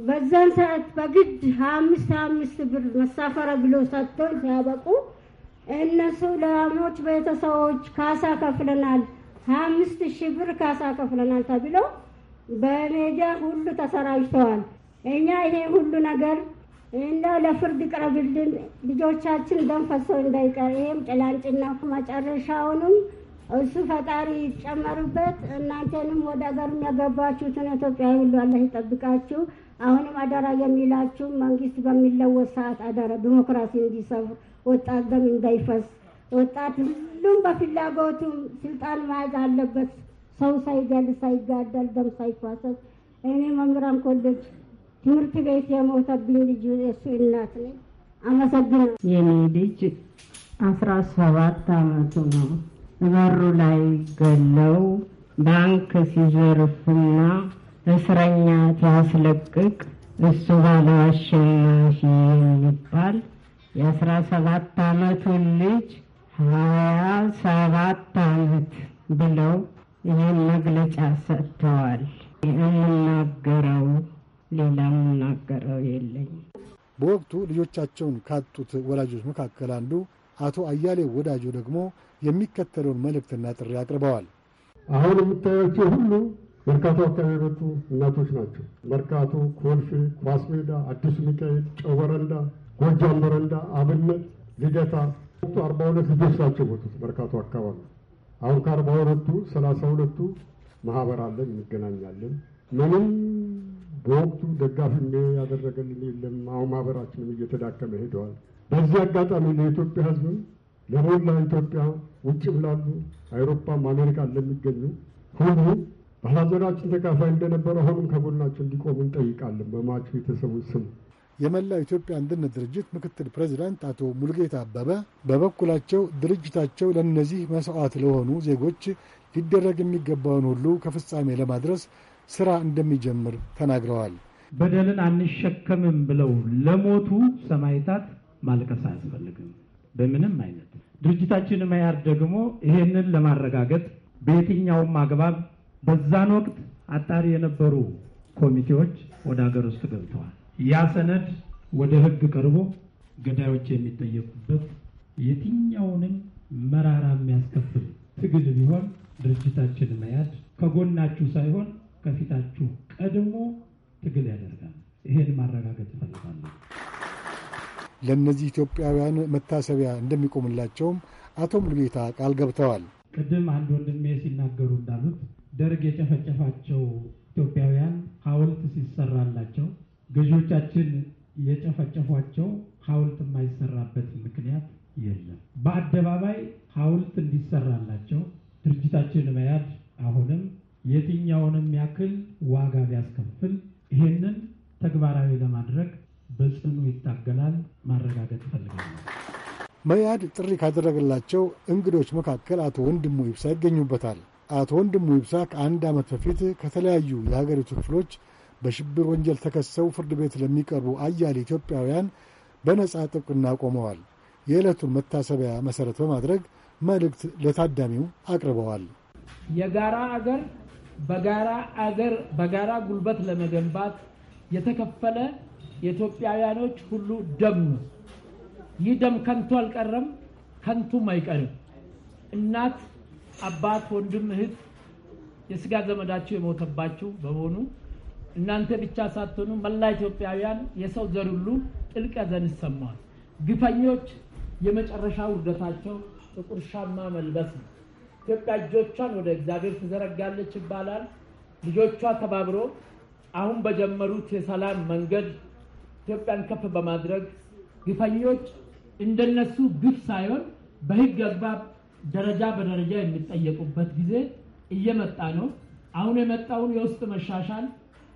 Speaker 22: በዛን ሰዓት በግድ ሀያ አምስት አምስት ብር መሳፈረ ብሎ ሰጥቶን ሲያበቁ እነሱ ለሞች ቤተሰቦች ካሳ ከፍለናል፣ ሀያ አምስት ሺህ ብር ካሳ ከፍለናል ተብሎ በሜዳ ሁሉ ተሰራጅተዋል። እኛ ይሄ ሁሉ ነገር እንደ ለፍርድ ቅረብልን፣ ልጆቻችን ደም ፈሶ እንዳይቀር። ይህም ጭላንጭና መጨረሻውንም እሱ ፈጣሪ ይጨመሩበት። እናንተንም ወደ ሀገር የሚያገባችሁትን ኢትዮጵያ ሁሉ አላህ ይጠብቃችሁ። አሁንም አደራ የሚላችሁ መንግስት በሚለወጥ ሰዓት አደራ ዲሞክራሲ እንዲሰፍን ወጣት ደም እንዳይፈስ፣ ወጣት ሁሉም በፍላጎቱ ስልጣን መያዝ አለበት። ሰው ሳይገል ሳይጋደል፣ ደም ሳይፋሰስ። እኔ መምህራን ኮሌጅ ትምህርት ቤት የሞተብኝ ልጅ የሱ እናት ነኝ። አመሰግናለሁ። የኔ ልጅ አስራ ሰባት አመቱ ነው። በሩ ላይ ገለው ባንክ ሲዘርፍና እስረኛ ሲያስለቅቅ እሱ ባለ አሸናፊ የሚባል የአስራ ሰባት አመቱን ልጅ ሀያ ሰባት አመት ብለው ይህን መግለጫ ሰጥተዋል። የምናገረው ሌላ የምናገረው የለኝም።
Speaker 14: በወቅቱ ልጆቻቸውን ካጡት ወላጆች መካከል አንዱ አቶ አያሌ ወዳጆ ደግሞ የሚከተለውን መልእክትና ጥሪ አቅርበዋል። አሁን የምታያቸው ሁሉ መርካቶ አካባቢ የመጡ እናቶች ናቸው። መርካቶ፣ ኮልፌ፣ ኳስ ሜዳ፣ አዲሱ ሚካኤል፣ ጨው ጎጃም በረንዳ፣ አብነት፣ ልደታ ወቅቱ አርባ ሁለት ልጆች ናቸው የሞቱት መርካቶ አካባቢ። አሁን ከአርባ ሁለቱ ሰላሳ ሁለቱ ማህበር አለን እንገናኛለን። ምንም በወቅቱ ደጋፊ ያደረገልን የለም። አሁን ማህበራችንም እየተዳከመ ሄደዋል። በዚህ አጋጣሚ ለኢትዮጵያ ሕዝብም ለሞላ ኢትዮጵያ ውጭ ብላሉ አውሮፓም አሜሪካን ለሚገኙ ሁሉም በሐዘናችን ተካፋይ እንደነበረ አሁንም ከጎናቸው እንዲቆሙ እንጠይቃለን። በማቹ ቤተሰቦች ስም የመላው ኢትዮጵያ አንድነት ድርጅት ምክትል ፕሬዚዳንት አቶ ሙልጌት አበበ በበኩላቸው ድርጅታቸው ለእነዚህ መስዋዕት ለሆኑ ዜጎች ሊደረግ የሚገባውን ሁሉ ከፍጻሜ ለማድረስ ስራ እንደሚጀምር ተናግረዋል።
Speaker 8: በደልን አንሸከምም ብለው ለሞቱ ሰማዕታት ማልቀስ አያስፈልግም በምንም አይነት። ድርጅታችን መያድ ደግሞ ይሄንን ለማረጋገጥ በየትኛውም አግባብ በዛን ወቅት አጣሪ የነበሩ ኮሚቴዎች ወደ ሀገር ውስጥ ገብተዋል። ያ ሰነድ ወደ ህግ ቀርቦ ገዳዮች የሚጠየቁበት የትኛውንም መራራ የሚያስከፍል ትግል ቢሆን ድርጅታችን መያድ ከጎናችሁ ሳይሆን ከፊታችሁ ቀድሞ ትግል ያደርጋል። ይሄን ማረጋገጥ እፈልጋለሁ።
Speaker 14: ለእነዚህ ኢትዮጵያውያን መታሰቢያ እንደሚቆምላቸውም አቶ ሙሉጌታ ቃል ገብተዋል።
Speaker 8: ቅድም አንድ ወንድሜ ሲናገሩ እንዳሉት ደርግ የጨፈጨፋቸው ኢትዮጵያውያን ሐውልት ሲሰራላቸው ገዢዎቻችን የጨፈጨፏቸው ሐውልት የማይሰራበት ምክንያት የለም። በአደባባይ ሐውልት እንዲሰራላቸው ድርጅታችን መያድ አሁንም የትኛውንም ያክል ዋጋ ቢያስከፍል ይሄንን ተግባራዊ ለማድረግ በጽኑ ይታገላል ማረጋገጥ ይፈልጋል።
Speaker 14: መያድ ጥሪ ካደረገላቸው እንግዶች መካከል አቶ ወንድሙ ይብሳ ይገኙበታል። አቶ ወንድሙ ይብሳ ከአንድ ዓመት በፊት ከተለያዩ የሀገሪቱ ክፍሎች በሽብር ወንጀል ተከሰው ፍርድ ቤት ለሚቀርቡ አያሌ ኢትዮጵያውያን በነጻ ጥብቅና ቆመዋል። የዕለቱን መታሰቢያ መሠረት በማድረግ መልእክት ለታዳሚው አቅርበዋል።
Speaker 16: የጋራ አገር በጋራ አገር በጋራ ጉልበት ለመገንባት የተከፈለ የኢትዮጵያውያኖች ሁሉ ደም ነው። ይህ ደም ከንቱ አልቀረም፣ ከንቱም አይቀርም። እናት አባት፣ ወንድም፣ እህት የስጋ ዘመዳችሁ የሞተባችሁ በመሆኑ እናንተ ብቻ ሳትሆኑ መላ ኢትዮጵያውያን የሰው ዘር ሁሉ ጥልቅ ሐዘን ይሰማዋል። ግፈኞች የመጨረሻ ውርደታቸው ጥቁር ሻማ መልበስ ነው። ኢትዮጵያ እጆቿን ወደ እግዚአብሔር ትዘረጋለች ይባላል። ልጆቿ ተባብሮ አሁን በጀመሩት የሰላም መንገድ ኢትዮጵያን ከፍ በማድረግ ግፈኞች እንደነሱ ግፍ ሳይሆን በህግ አግባብ ደረጃ በደረጃ የሚጠየቁበት ጊዜ እየመጣ ነው። አሁን የመጣውን የውስጥ መሻሻል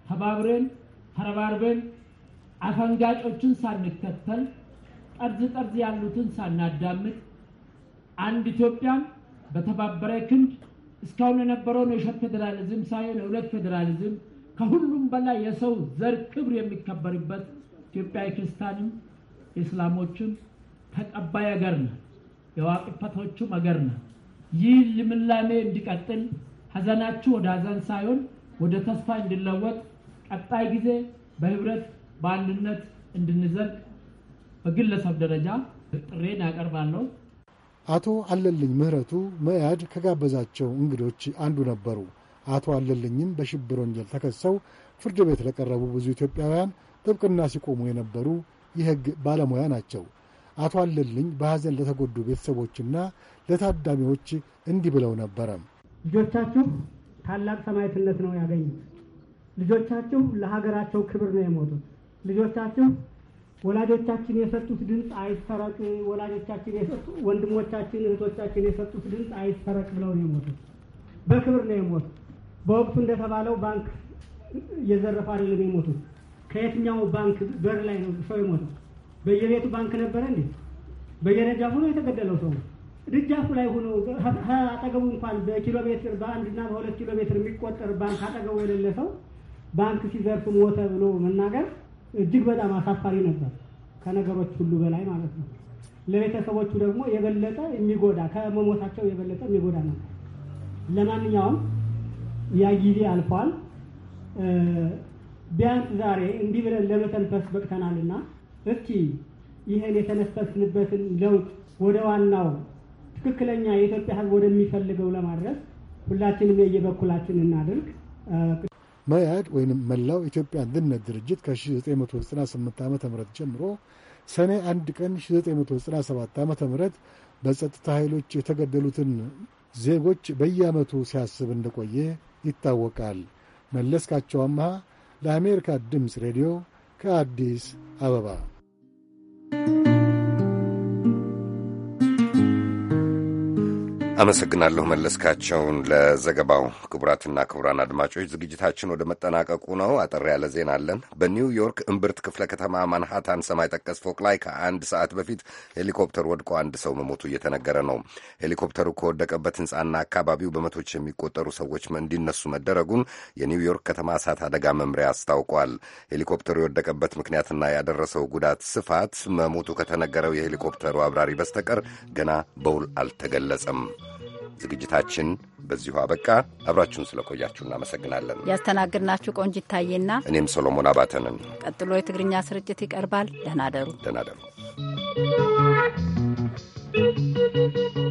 Speaker 16: ተባብረን ተረባርበን አፈንጋጮችን ሳንከተል ጠርዝ ጠርዝ ያሉትን ሳናዳምጥ አንድ ኢትዮጵያን በተባበረ ክንድ እስካሁን የነበረውን የሸት ፌዴራሊዝም ሳይሆን የሁለት ፌዴራሊዝም ከሁሉም በላይ የሰው ዘር ክብር የሚከበርበት ኢትዮጵያ የክርስቲያንም የእስላሞችም ተቀባይ ሀገር ነው። የዋቅፈቶቹ መገር ነው። ይህ ልምላሜ እንዲቀጥል ሐዘናችሁ ወደ ሐዘን ሳይሆን ወደ ተስፋ እንዲለወጥ ቀጣይ ጊዜ በህብረት በአንድነት እንድንዘልቅ በግለሰብ ደረጃ ጥሬን ያቀርባለሁ።
Speaker 14: አቶ አለልኝ ምህረቱ መያድ ከጋበዛቸው እንግዶች አንዱ ነበሩ። አቶ አለልኝም በሽብር ወንጀል ተከሰው ፍርድ ቤት ለቀረቡ ብዙ ኢትዮጵያውያን ጥብቅና ሲቆሙ የነበሩ የህግ ባለሙያ ናቸው። አቶ አለልኝ በሐዘን ለተጎዱ ቤተሰቦችና ለታዳሚዎች እንዲህ ብለው ነበረ።
Speaker 19: ልጆቻችሁ ታላቅ ሰማዕትነት ነው ያገኙት። ልጆቻችሁ ለሀገራቸው ክብር ነው የሞቱት። ልጆቻችሁ ወላጆቻችን የሰጡት ድምፅ አይሰረቅ፣ ወላጆቻችን ወንድሞቻችን እህቶቻችን የሰጡት ድምፅ አይሰረቅ ብለው ነው የሞቱት። በክብር ነው የሞቱት። በወቅቱ እንደተባለው ባንክ የዘረፋ አይደለም የሞቱት። ከየትኛው ባንክ በር ላይ ነው ሰው የሞቱት? በየቤቱ ባንክ ነበረ እንዴ? በየደጃፉ ነው የተገደለው ሰው። ደጃፉ ላይ ሆኖ አጠገቡ እንኳን በኪሎ ሜትር በአንድና በሁለት ኪሎ ሜትር የሚቆጠር ባንክ አጠገቡ የሌለ ሰው ባንክ ሲዘርፍ ሞተ ብሎ መናገር እጅግ በጣም አሳፋሪ ነበር፣ ከነገሮች ሁሉ በላይ ማለት ነው። ለቤተሰቦቹ ደግሞ የበለጠ የሚጎዳ ከመሞታቸው የበለጠ የሚጎዳ ነበር። ለማንኛውም ያ ጊዜ አልፏል። ቢያንስ ዛሬ እንዲህ ብለን ለመተንፈስ በቅተናልና እስኪ ይህን የተነፈስንበትን ለውጥ ወደ ዋናው ትክክለኛ የኢትዮጵያ ሕዝብ ወደሚፈልገው ለማድረስ ሁላችንም የየበኩላችን እናድርግ። መያድ
Speaker 14: ወይም መላው ኢትዮጵያ
Speaker 19: አንድነት ድርጅት
Speaker 14: ከ1998 ዓ ም ጀምሮ ሰኔ አንድ ቀን 1997 ዓ ም በጸጥታ ኃይሎች የተገደሉትን ዜጎች በየዓመቱ ሲያስብ እንደቆየ ይታወቃል። መለስካቸው አምሃ ለአሜሪካ ድምፅ ሬዲዮ ከአዲስ አበባ thank you
Speaker 2: አመሰግናለሁ መለስካቸውን ለዘገባው። ክቡራትና ክቡራን አድማጮች ዝግጅታችን ወደ መጠናቀቁ ነው። አጠር ያለ ዜና አለን። በኒውዮርክ እምብርት ክፍለ ከተማ ማንሃታን ሰማይ ጠቀስ ፎቅ ላይ ከአንድ ሰዓት በፊት ሄሊኮፕተር ወድቆ አንድ ሰው መሞቱ እየተነገረ ነው። ሄሊኮፕተሩ ከወደቀበት ሕንፃና አካባቢው በመቶች የሚቆጠሩ ሰዎች እንዲነሱ መደረጉን የኒውዮርክ ከተማ እሳት አደጋ መምሪያ አስታውቋል። ሄሊኮፕተሩ የወደቀበት ምክንያትና ያደረሰው ጉዳት ስፋት መሞቱ ከተነገረው የሄሊኮፕተሩ አብራሪ በስተቀር ገና በውል አልተገለጸም። ዝግጅታችን በዚሁ አበቃ። አብራችሁን ስለቆያችሁ እናመሰግናለን።
Speaker 1: ያስተናግድናችሁ ቆንጅ ይታየና
Speaker 2: እኔም ሶሎሞን አባተንን።
Speaker 1: ቀጥሎ የትግርኛ ስርጭት ይቀርባል። ደህና ደሩ።
Speaker 7: Thank you.